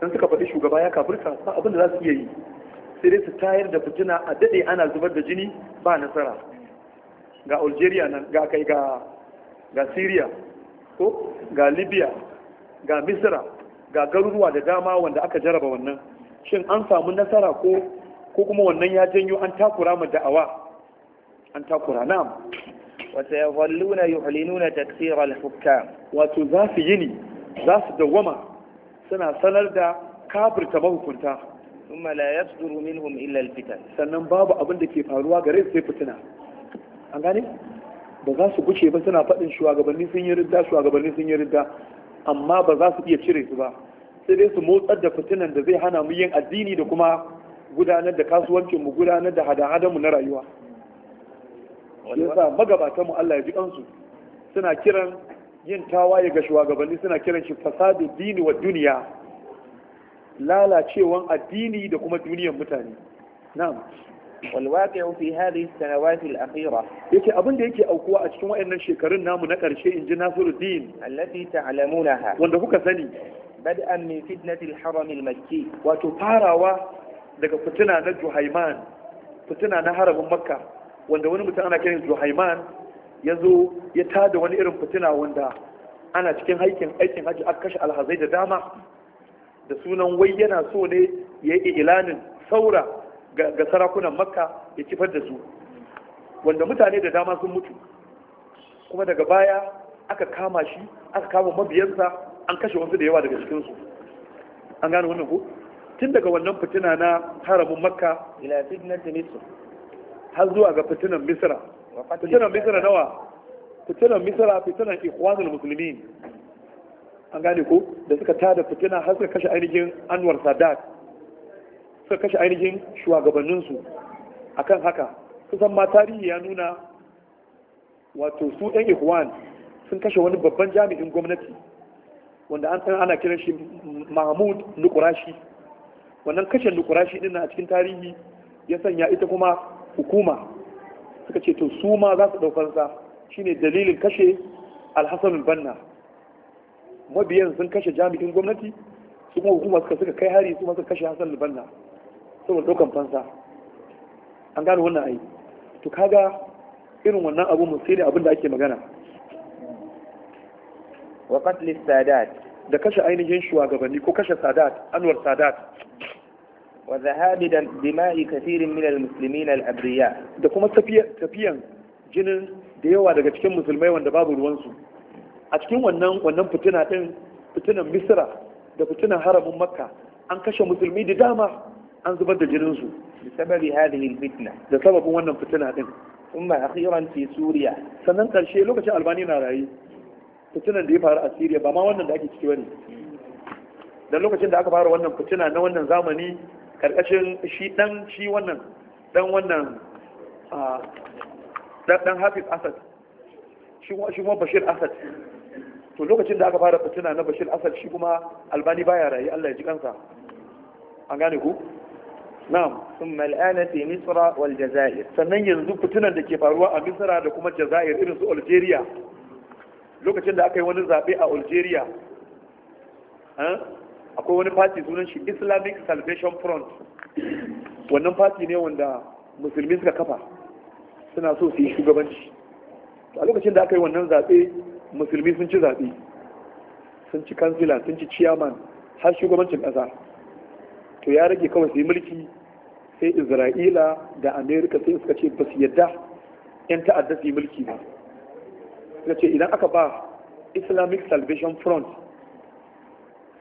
sun suka faɗi shugaba ya kafirka ba abin da za su iya yi sai dai su tayar da fitina a daɗe ana zubar da jini ba nasara ga algeria nan ga kai ga ga syria ko ga libya ga misra ga garuruwa da dama wanda aka jaraba wannan shin an samu nasara ko ko kuma wannan ya janyo an takura mu da'awa an takura na? na'am wa sayawalluna yuhlinuna takfir al alhukka wato za su yini za su dawama suna sanar da kafirta mahukunta ثم لا يصدر minhum إلا fitar. sannan babu abin da ke faruwa gare su sai fitina an gane ba za su guce ba suna faɗin shugabanni sun yi ridda shugabanni sun yi ridda amma ba za su iya cire su ba sai dai su motsar da fitinan da zai hana mu yin addini da kuma gudanar da kasuwancin mu gudanar da hada hadan mu na rayuwa yasa magabatan mu Allah ya ji kansu suna kiran yin tawaye ga shugabanni suna kiran shi fasadu dini wa duniya lalacewan addini da kuma duniyar mutane na'am والواقع في هذه السنوات الأخيرة يكي أبن ديكي أوكوا أشكوا أن الشكرين نام نكر شيء جناثر الدين التي تعلمونها وندهوك ثاني بدءا من فتنة الحرم المكي وتطاروا daga fitina na Juhaiman fitina na harabin Makka wanda wani mutum ana kiran Juhaiman ya zo ya tada wani irin fitina wanda ana cikin aikin aikin hajji aka kashe alhazai da dama da sunan wai yana so ne ya yi ilanin saura ga sarakunan makka ya kifar da su wanda mutane da dama sun mutu kuma daga baya aka kama shi aka kama mabiyansa an kashe wasu da yawa daga cikinsu an gane wannan ko tun daga wannan fitina na haramin makka har zuwa ga fitinan Misira. fitinan Misira nawa fitinan misira fitinan ikhwanul muslimin an gane ko da suka tada fitina har suka kashe ainihin anwar sadat suka kashe ainihin shugabanninsu A kan haka kusan ma tarihi ya nuna wato su ɗan ikhwan sun kashe wani babban jami'in gwamnati wanda an ana kiran shi mahmud nukurashi wannan kashe nukurashi din a cikin tarihi ya sanya ita kuma hukuma suka ce to su ma za su ɗaukarsa shine dalilin kashe alhassan banna mabiyan sun kashe jami'in gwamnati su kuma hukuma suka kai hari su suka kashe hassan banna saboda ɗaukan fansa an gano wannan ai to kaga irin wannan abu mu sai da abin da ake magana wa qatl sadat da kashe ainihin shugabanni ko kashe sadat anwar sadat wa zahabi da dima'i kathirin min al al-abriya da kuma tafiyan jinin da yawa daga cikin musulmai wanda babu ruwansu a cikin wannan wannan fitina din fitinan misra da fitinan haramin makka an kashe musulmi da dama an zubar da jinin su da sababi hadin fitna da sababin wannan fitina din a akhiran fi suriya sannan karshe lokacin albani na rayi fitinan da ya faru a siriya ba ma wannan da ake ciki bane dan lokacin da aka fara wannan fitina na wannan zamani karkashin shi dan shi wannan dan wannan dan hafiz asad shi kuma bashir asad to lokacin da aka fara fitina na bashir asad shi kuma albani baya rayu allah ya ji kansa an gane ku na'am thumma sannan yanzu fitunan da ke faruwa a misra da kuma jazair irin su algeria lokacin da aka yi wani zabe a algeria eh, akwai wani fati sunan shi islamic salvation front wannan fati ne wanda musulmi suka kafa suna so su yi shugabanci a lokacin da aka yi wannan zaɓe musulmi sun ci zaɓe sun ci kansila sun ci ciyaman har shugabancin ƙasa to ya rage kawai su yi mulki sai isra'ila da amerika sai suka ce ba su yadda 'yan ta'adda su yi mulki ba suka ce idan aka ba islamic salvation front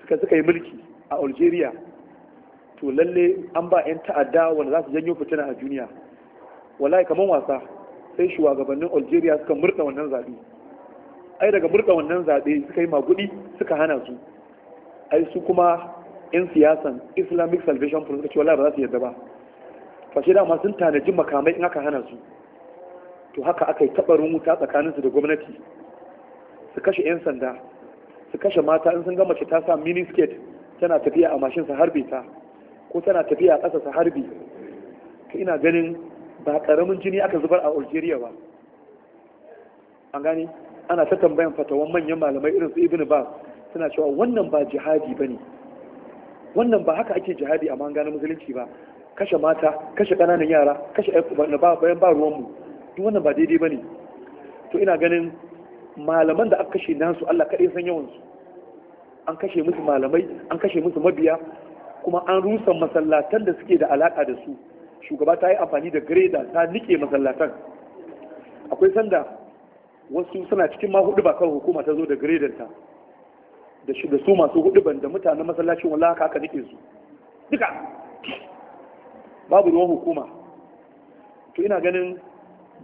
suka suka yi mulki a algeria to lalle an ba 'yan ta'adda wanda za su janyo fitina a duniya wallahi kamar wasa sai shugabannin algeria suka murda wannan zaɓe ai daga murda wannan zaɓe suka yi magudi suka hana su ai su kuma 'yan siyasan islamic salvation front suka ce wallahi ba za su yadda ba fashe dama sun tanaji makamai in aka hana su to haka aka yi tabarin wuta tsakaninsu da gwamnati su kashe 'yan sanda su kashe mata in sun ga mace ta sa mini skate tana tafiya a mashin su harbe ta ko tana tafiya a ƙasa su harbe ka ina ganin ba ƙaramin jini aka zubar a algeria ba an gane ana ta tambayan fatawan manyan malamai irin su ibn ba suna cewa wannan ba jihadi ba ne wannan ba haka ake jihadi a gane musulunci ba kashe mata kashe ƙananan yara kashe bayan ba ruwanmu duk wannan ba daidai ba ne to ina ganin malaman da aka kashe nasu Allah kaɗai san yawansu an kashe musu malamai an kashe musu mabiya kuma an rusa masallatan da suke da alaƙa da su shugaba ta yi amfani da greda ta nike masallatan akwai sanda wasu suna cikin ma hudu ba kawai hukuma ta zo da ta da su masu hudu ban da mutanen masallacin wala haka aka nike su duka babu ruwan hukuma to ina ganin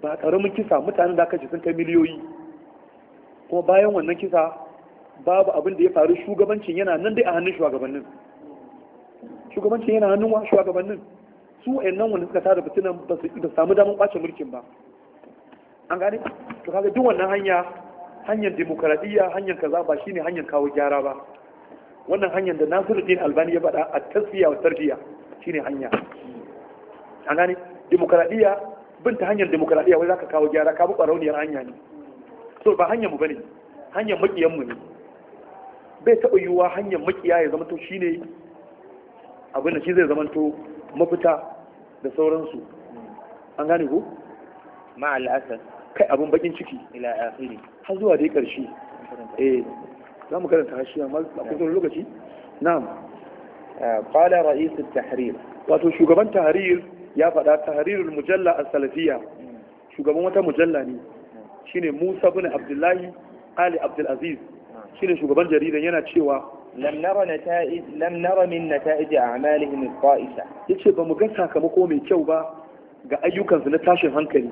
ba karamin kisa mutanen da aka ji sun kai miliyoyi kuma bayan wannan kisa babu abin da ya faru shugabancin yana nan dai a hannun shugabannin shugabancin yana hannun wa shugabannin su wayannan wanda suka tada fitinan ba su samu damar kwace mulkin ba an gane to kaga duk wannan hanya hanyar demokradiyya hanyar kaza ba shine hanyar kawo gyara ba wannan hanyar da Nasiruddin Albani ya faɗa a tasfiya wa tarbiya shine hanya an gane demokradiyya bin ta hanyar demokradiyya wai ka kawo gyara ka bi rauniyar hanya ne so ba hanyar mu bane hanyar makiyan mu ne bai taɓa yiwuwa hanyar makiya ya zama to shine abin da shi zai zama to mafita da sauransu an gane ku ma kai abin bakin ciki ila akhiri har zuwa dai karshe eh za mu karanta hashi amma akwai zuwa lokaci na'am eh, qala ra'is at-tahrir wato shugaban tahrir ya faɗa tahrirul mujalla a salafiya shugaban wata mujalla ne Shi ne Musa bin Abdullahi Ali Abdulaziz. Shi ne shugaban jaridan yana cewa lam nara nata'ij lam a amalihin fa'isa ya ce ba mu ga sakamako mai kyau ba ga ayyukansu na tashin hankali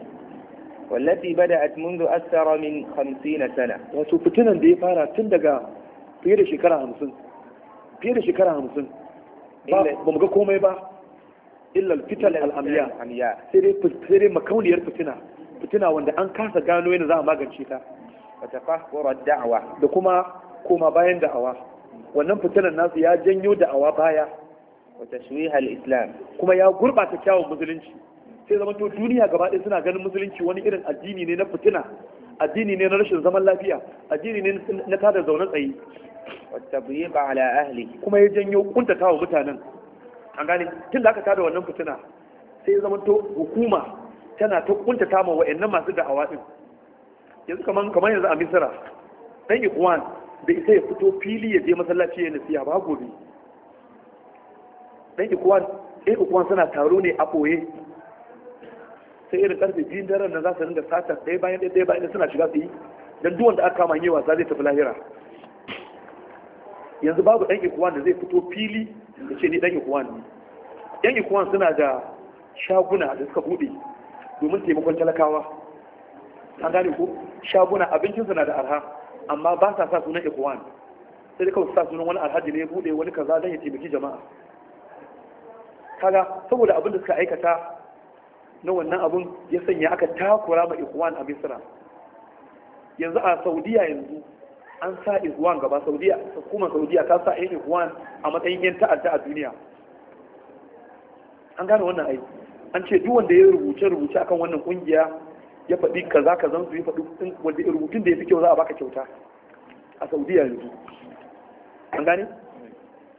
da bada'at asara min hamsin na sana wato fitinan da ya fara tun daga fiye da shekara hamsin, fiye da shekara hamsin, ba mu ga komai ba illa fitan al'amiya sai dai makauniyar fitina fitina wanda an kasa gano yana za a magance ta da kuma koma bayan da'awa wannan fitinan nasu ya janyo da'awa baya islam kuma ya gurbata kyawun musulunci sai zama to duniya gaba ɗaya suna ganin musulunci wani irin addini ne na fitina addini ne na rashin zaman lafiya addini ne na tada zaune tsaye wata ba ala kuma ya janyo kuntatawa mutanen an gane tun da aka tada wannan fitina sai zama to hukuma tana ta kunta tama wa'annan masu da'awa din yanzu kaman kaman yanzu a misira dan ikwan da isa ya fito fili ya je masallaci ya nasiya ba gobe dan ikwan ɗan ikwan suna taro ne a ɓoye sai irin karfe biyun daren nan za su ringa satar ɗaya bayan ɗaya bayan suna shiga su yi dan duk wanda aka kama yi wasa zai tafi lahira yanzu babu ɗan ikuwan da zai fito fili da ce ni ɗan ikuwan ne ɗan ikuwan suna da shaguna da suka buɗe domin taimakon talakawa an gane ko shaguna abincin suna da arha amma ba sa sa sunan ikuwan sai dai kawai sa sunan wani alhaji ne ya buɗe wani kaza don ya taimaki jama'a kaga saboda abin da suka aikata na wannan abun ya sanya aka takura ma ikuwan a misira yanzu a saudiya yanzu an sa ihwan gaba saudiya hukumar saudiya ta sa ihwan a matsayin yan ta'adda a duniya an gane wannan aiki an ce duk wanda ya rubuce rubuce akan wannan kungiya ya faɗi kaza ka zan su ya faɗi wanda rubutun da ya fi kyau za a baka kyauta a saudiya yanzu an gane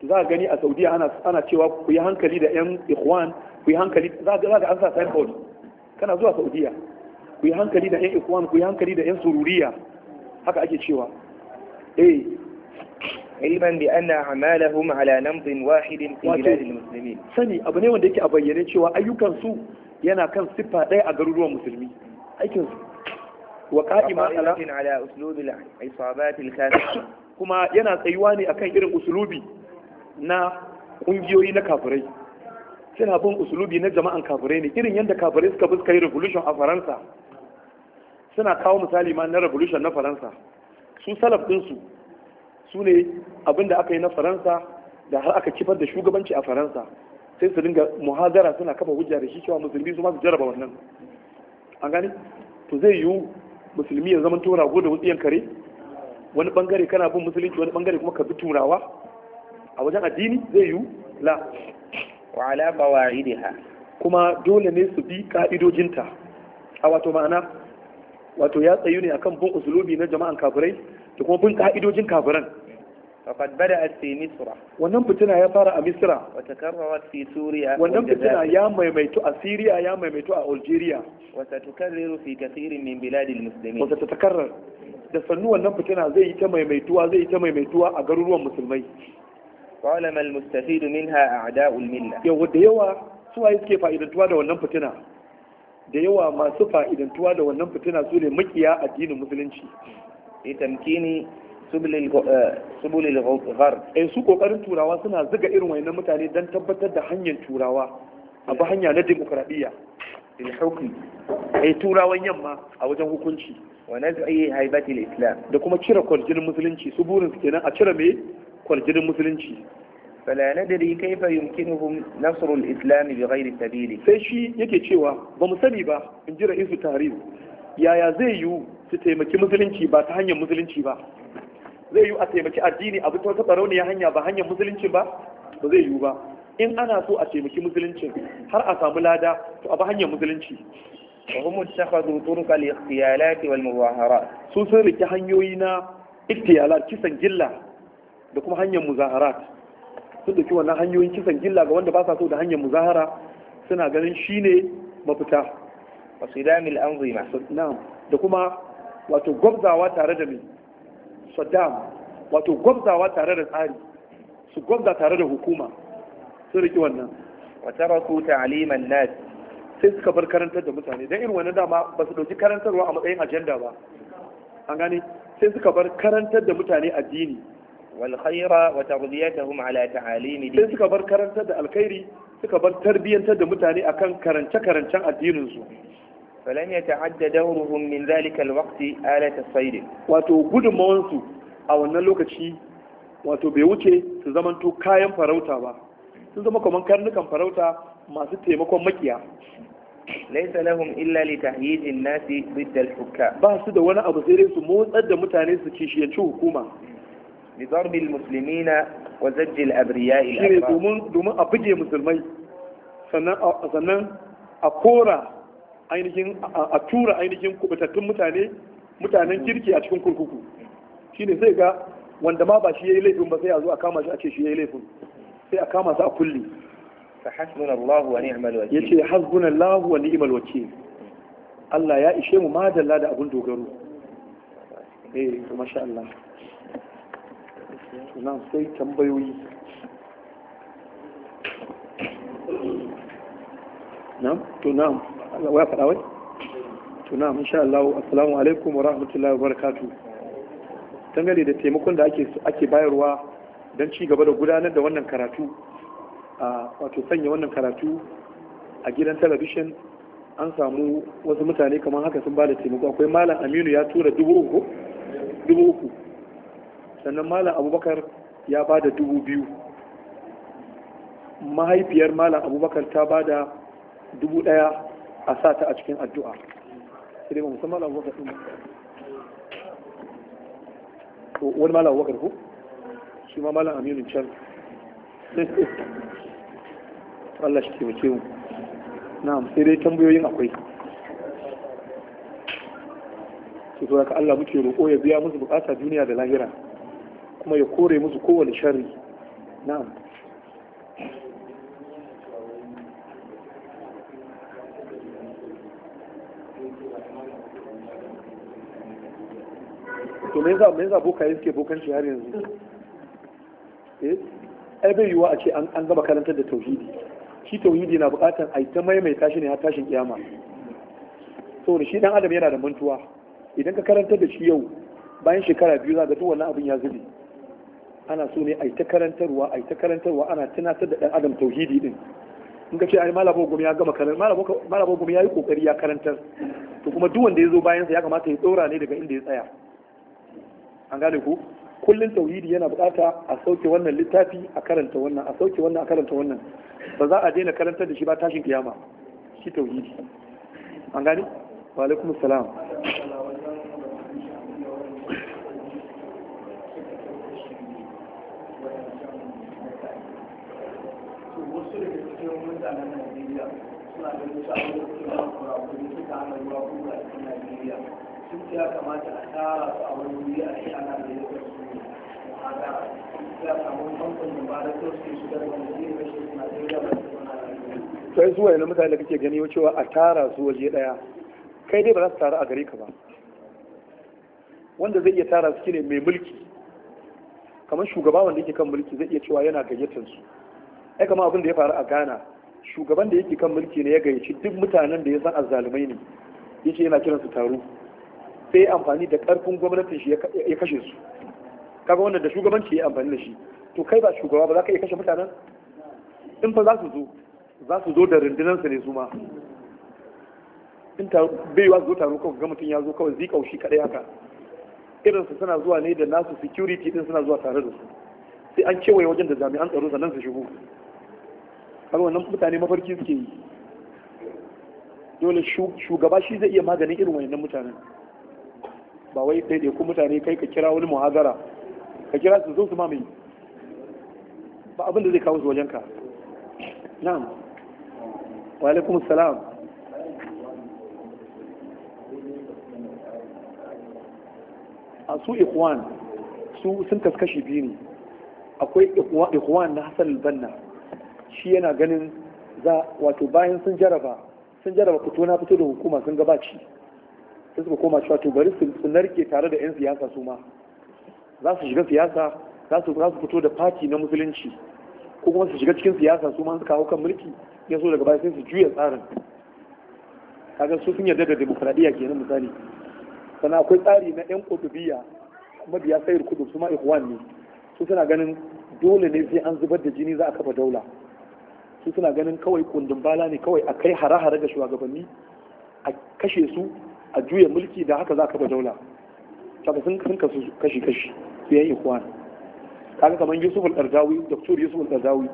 za a gani a saudiya ana cewa ku yi hankali da yan ihwan ku yi hankali za ga an sa signboard kana zuwa saudiya ku yi hankali da yan ihwan ku yi hankali da yan sururiya haka ake cewa eh ilman bi anna a'malahum ala namdin wahidin fi biladil muslimin sani abu ne wanda yake a bayyane cewa ayyukan su yana kan siffa ɗaya a garuruwan musulmi aikin su wa qa'ima ala ala uslubil isabatil kafir kuma yana tsayuwa ne akan irin uslubi na kungiyoyi na kafirai suna bin uslubi na jama'an kafirai ne irin yadda kafirai suka fuska yi revolution a faransa suna kawo misali ma na revolution na faransa su salaf ɗinsu su ne abinda aka yi na faransa da har aka kifar da shugabanci a faransa sai su dinga muhazara suna kafa hujja da shi cewa musulmi su masu jaraba wannan an gani? to zai yiwu musulmi ya zama tora da wutsiyan kare wani bangare kana bin musulunci wani bangare kuma ka bi turawa a wajen addini zai yiwu la wa ala qawaidiha kuma dole ne su bi ka'idojinta a wato ma'ana wato ya tsayu ne akan bin usulubi na jama'an kafirai da kuma bin ka'idojin kafiran faqad bada'at fi misra wannan fitina ya fara a misra wa takarrarat fi suriya wannan fitina ya maimaitu a syria ya maimaitu a algeria wa tatakarraru fi kathirin min biladil muslimin wa tatakarrar da sannu wannan fitina zai yi ta maimaituwa zai yi ta maimaituwa a garuruwan musulmai qala mal mustafidu minha a'da'ul milla yawa da yawa suwaye suke fa'idantuwa da wannan fitina da yawa masu fa'idantuwa da wannan fitina su ne makiya addinin musulunci litamkini subulil eh, ghar eh, su kokarin turawa suna zuga irin wani mutane don tabbatar da hanyar turawa a ba hanya na demokradiyya il hukmi eh, turawan yamma a wajen hukunci zai naz'i haibatil islam da kuma cire kwaljinin musulunci su burin su kenan a cire mai kwaljinin musulunci فلا ندري كيف يمكنهم نصر الإسلام بغير سبيل sai shi yake cewa ba mu sani ba in ji ra'isu tahrir yaya zai yiwu su taimaki musulunci ba ta hanyar musulunci ba zai yiwu a taimaki addini abu ta wata barauniya hanya ba hanyar musulunci ba ba zai yiwu ba in ana so a taimaki musulunci har a samu lada to a ba hanyar musulunci وهم اتخذوا طرق الاغتيالات والمظاهرات sun sun rike hanyoyi na iktiyala kisan gilla da kuma hanyar muzaharat sun dauki wannan hanyoyin kisan gilla ga wanda ba sa so da hanyar muzahara suna ganin shine mafita wa sidamil anzima na'am da kuma wato gwabzawa tare da mai Saddam wato gwabzawa tare da tsari su gwabza tare da hukuma sun riki wannan wa taraku ta'liman nas sai suka bar karantar da mutane dan irin wannan dama ba su dauki karantarwa a matsayin ajanda ba an gane sai suka bar karantar da mutane addini wal khaira wa tarbiyatuhum ala ta'alimi din suka bar karantar da alkhairi suka bar tarbiyantar da mutane akan karance karancen addinin su falan yata'adda dawruhum min zalika alwaqt ala tasayd wato gudunmawan su a wannan lokaci wato bai wuce su zamanto kayan farauta ba sun zama kamar karnukan farauta masu taimakon makiya laisa lahum illa li nasi bidda al ba su da wani abu sai dai su motsa da mutane su kishiyanci hukuma bi darbil muslimina wa zajjil abriya ila domin domin a buge musulmai sannan sannan a kora a tura ainihin kubutattun mutane kirki a cikin kurkuku shine sai ga wanda ma ba shi yayi laifin ba sai a zo a kama shi a ce shi yayi laifin sai a kama su a kulli fahasbunallahu wa hasbunallahu Allah ya ishe mu madalla da abun dogaro eh, nan sai tambayoyi nan to Allah ya faɗa wai to na'am insha Allah assalamu alaikum wa rahmatullahi wa barakatuh tangare da taimakon da ake ake bayarwa don ci gaba da gudanar da wannan karatu a wato sanya wannan karatu a gidan talabishin an samu wasu mutane kamar haka sun ba da taimako akwai malam aminu ya tura dubu uku dubu uku sannan malam abubakar ya ba da dubu biyu mahaifiyar malam abubakar ta ba da dubu ɗaya a sa ta a cikin addu'a sai dai ba musamman malam abubakar ɗin wani malam abubakar ko shi ma malam aminu can [laughs] Allah shi taimake mu na'am sai dai tambayoyin akwai to ka Allah muke roƙo ya biya musu bukata duniya da lahira kuma ya kore musu kowane sharri na'am to me yasa me yasa bokaye suke bokan shi har yanzu eh ai bai yiwa a ce an gaba karantar da tauhidi shi tauhidi na bukatar a ta maimaita shi ne har tashin kiyama saboda shi dan adam yana da mantuwa idan ka karantar da shi yau bayan shekara biyu za ga duk wannan abin ya zube ana so ne a ta karantarwa a ta karantarwa ana tunatar da ɗan adam tauhidi din in ka ce ai malabo gumi ya gama karantar malabo gumi ya yi kokari ya karantar to kuma duk wanda ya zo bayan sa ya kamata ya tsora ne daga inda ya tsaya an gane ku kullun tauhidi yana bukata a sauke wannan littafi a karanta wannan a sauke wannan a karanta wannan ba za a daina karantar da shi ba tashin kiyama shi tauhidi an gane wa alaikum salam akwai mutanen najeriya suna da wuta a lokacin da kurakuri suka hana ruwa kuma a cikin najeriya sun ya kamata a tara su a wani wuri a shi ana da yadda su haka ya samu famfon da ba da sosu shigar da wani rashin najeriya ba su na da sai su wayannan mutane da kake gani cewa a tara su waje daya kai dai ba za su taru a gare ka ba wanda zai iya tara su ne mai mulki kamar shugaba wanda yake kan mulki zai iya cewa yana gayyatar su ai kama abin da ya faru a Ghana shugaban da yake kan mulki ne ya gayyaci duk mutanen da ya san azzalumai ne yace yana kiransu taro sai amfani da karfin gwamnatin shi ya kashe su kaga wannan da shugabanci ya amfani da shi to kai ba shugaba ba za ka iya kashe mutanen in fa za su zo za su zo da su ne su ma in bai wa zo taro kawai ga mutum ya zo kawai zika shi kadai haka irin su suna zuwa ne da nasu security din suna zuwa tare da su sai an kewaye wajen da jami'an tsaro sannan su shigo kaga wannan mutane mafarki suke yi dole shugaba shi zai iya maganin irin wannan mutanen ba wai sai ku mutane kai ka kira wani muhazara ka kira su zo su ma mai ba abin da zai kawo su wajen ka na'am wa alaikum salam a su ikhwan su sun kaskashi biyu ne akwai ikhwan na hasan banna shi yana ganin za wato bayan sun jaraba sun jaraba fito na fito da hukuma sun gabaci sai suka koma cewa to bari su narke tare da 'yan siyasa su ma za su shiga siyasa za su fito da fati na musulunci ko kuma su shiga cikin siyasa su ma su kawo kan mulki ya so daga baya sai su juya tsarin kaga su sun yarda da ke kenan misali sannan akwai tsari na yan kutubiya mabiya sayar kudu su ma ikhwan ne su suna ganin dole ne sai an zubar da jini za a kafa daula su suna ganin kawai kundin bala ne kawai a kai hare-hare ga shugabanni a kashe su a juya mulki da haka za ka ba daula saka sun kasu kashi kashi su yayin ikwan kaga kamar Yusuf al-Qardawi Dr. Yusuf al-Qardawi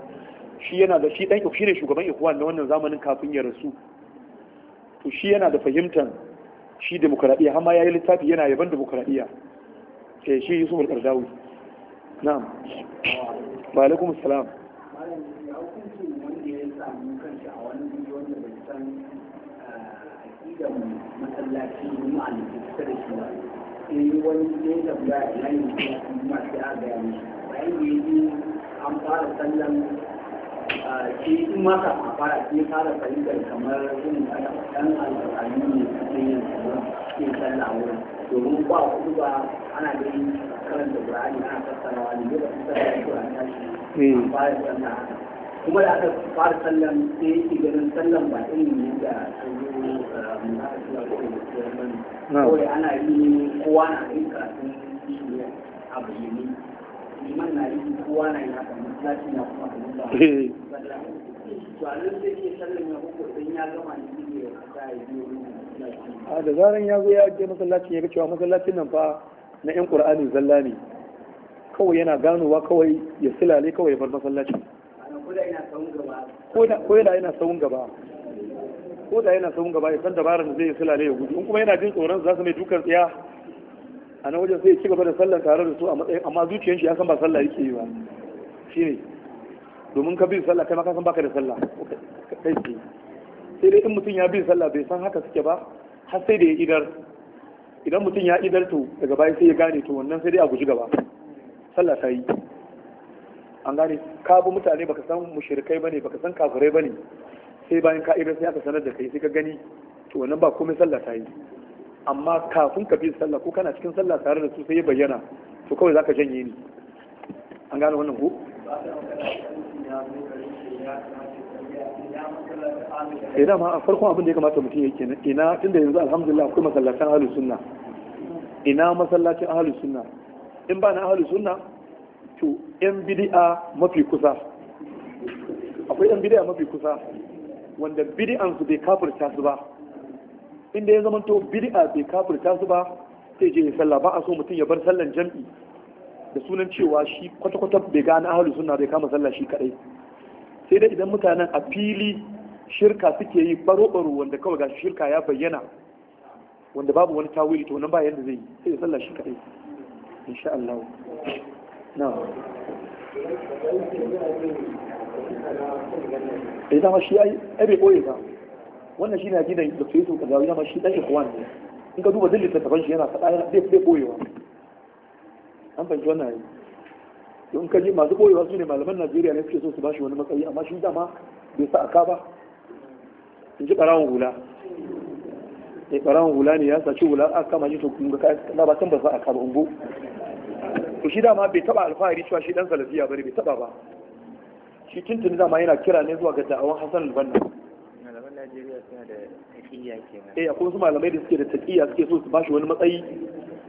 shi yana da shi dan ne shugaban ikwan na wannan zamanin kafin ya rasu to shi yana da fahimtar shi demokradiyya amma ya yayi littafi yana yaban demokradiyya sai eh, shi Yusuf al-Qardawi na'am wa alaikum assalam masallaci mu a kusa da shi ba sai wani sai da ba yi kuma sai a gaya bayan da yi an fara sallan ke yi a fara sai fara fahimtar kamar yin ɗan ne sai yin ke sallah wurin domin ba kudu ba ana da yin karanta burani ana sassarawa ne da kuma da aka fara sallan sai yake ganin sallan ba irin yadda eh, kawai ana yi kowa na yin karatun a bayyane liman na yi kowa na yi haka kuma ba a [laughs] eh. ya a da zaran ya zo ya je masallacin ya ga cewa masallacin nan fa na 'yan ƙur'ani zalla ne kawai yana ganowa kawai ya silale kawai ya bar masallacin ko yana yana sawun gaba ko da yana sawun gaba ya san dabarar da zai sulale ya gudu in kuma yana jin tsoron za su mai dukan tsiya a nan wajen sai ya ci gaba da sallar tare da su a matsayin amma zuciyar shi ya san ba sallah yake yi ba shi ne domin ka bin sallah kai ma ka san baka da sallah kai ce sai dai in mutum ya bin sallah bai san haka suke ba har sai da ya idar idan mutum ya idar to daga baya sai ya gane to wannan sai dai a guji gaba sallah ta yi an gane ka bi mutane baka san mushrikai bane baka san kafirai bane sai bayan ka idan sai aka sanar da kai sai ka gani to wannan ba komai sallah ta yi amma kafin ka bi sallah ko kana cikin sallah tare da su sai ya bayyana to kawai zaka janye ni an gane wannan ko Ina eh, ma a farkon abin da ya kamata mutum ya kenan ina tunda yanzu alhamdulillah akwai masallacin ahlus sunna ina masallacin ahlus sunna in ba na ahlus sunna to yan bid'a mafi kusa akwai yan bid'a mafi kusa wanda bid'an su bai kafirta su ba inda ya to bid'a bai kafirta su ba sai je ya sallah ba a so mutum ya bar sallan jam'i da sunan cewa shi kwata-kwata bai gane ahalu suna bai kama sallah shi kadai sai dai idan mutanen a fili shirka suke yi baro-baro wanda kawai ga shirka ya bayyana wanda babu wani tawili to nan ba yanda zai yi sai ya sallah shi kadai insha Allah idan eh, shi ai bai koyi ba wannan shi na gina da su su kaza yana shi dan ikhwan ne in ka duba dalilin taban shi yana faɗa yana bai bai koyewa an fahimci wannan ne don ka ji masu koyewa su ne malaman Najeriya ne suke so su bashi wani matsayi amma shi dama bai sa aka ba in ji ɓarawon hula ya eh, ɓarawon hula ne ya saci hula aka kama shi to kun ga ba san ba sa aka ba ungo to shi dama bai taba alfahari cewa shi dan salafiya bane bai taba ba shi tuntuni dama yana kira ne zuwa ga da'awan Hassan al-Banna malaman Najeriya suna da kenan eh akwai wasu malamai da suke da taƙiya suke so su bashi wani matsayi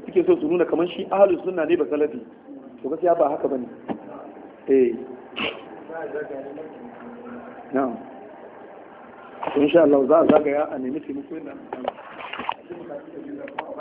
suke so su nuna kamar shi ahlus sunna ne ba salafi to gaskiya ba haka bane eh na'am insha Allah za a zagaya a nemi taimako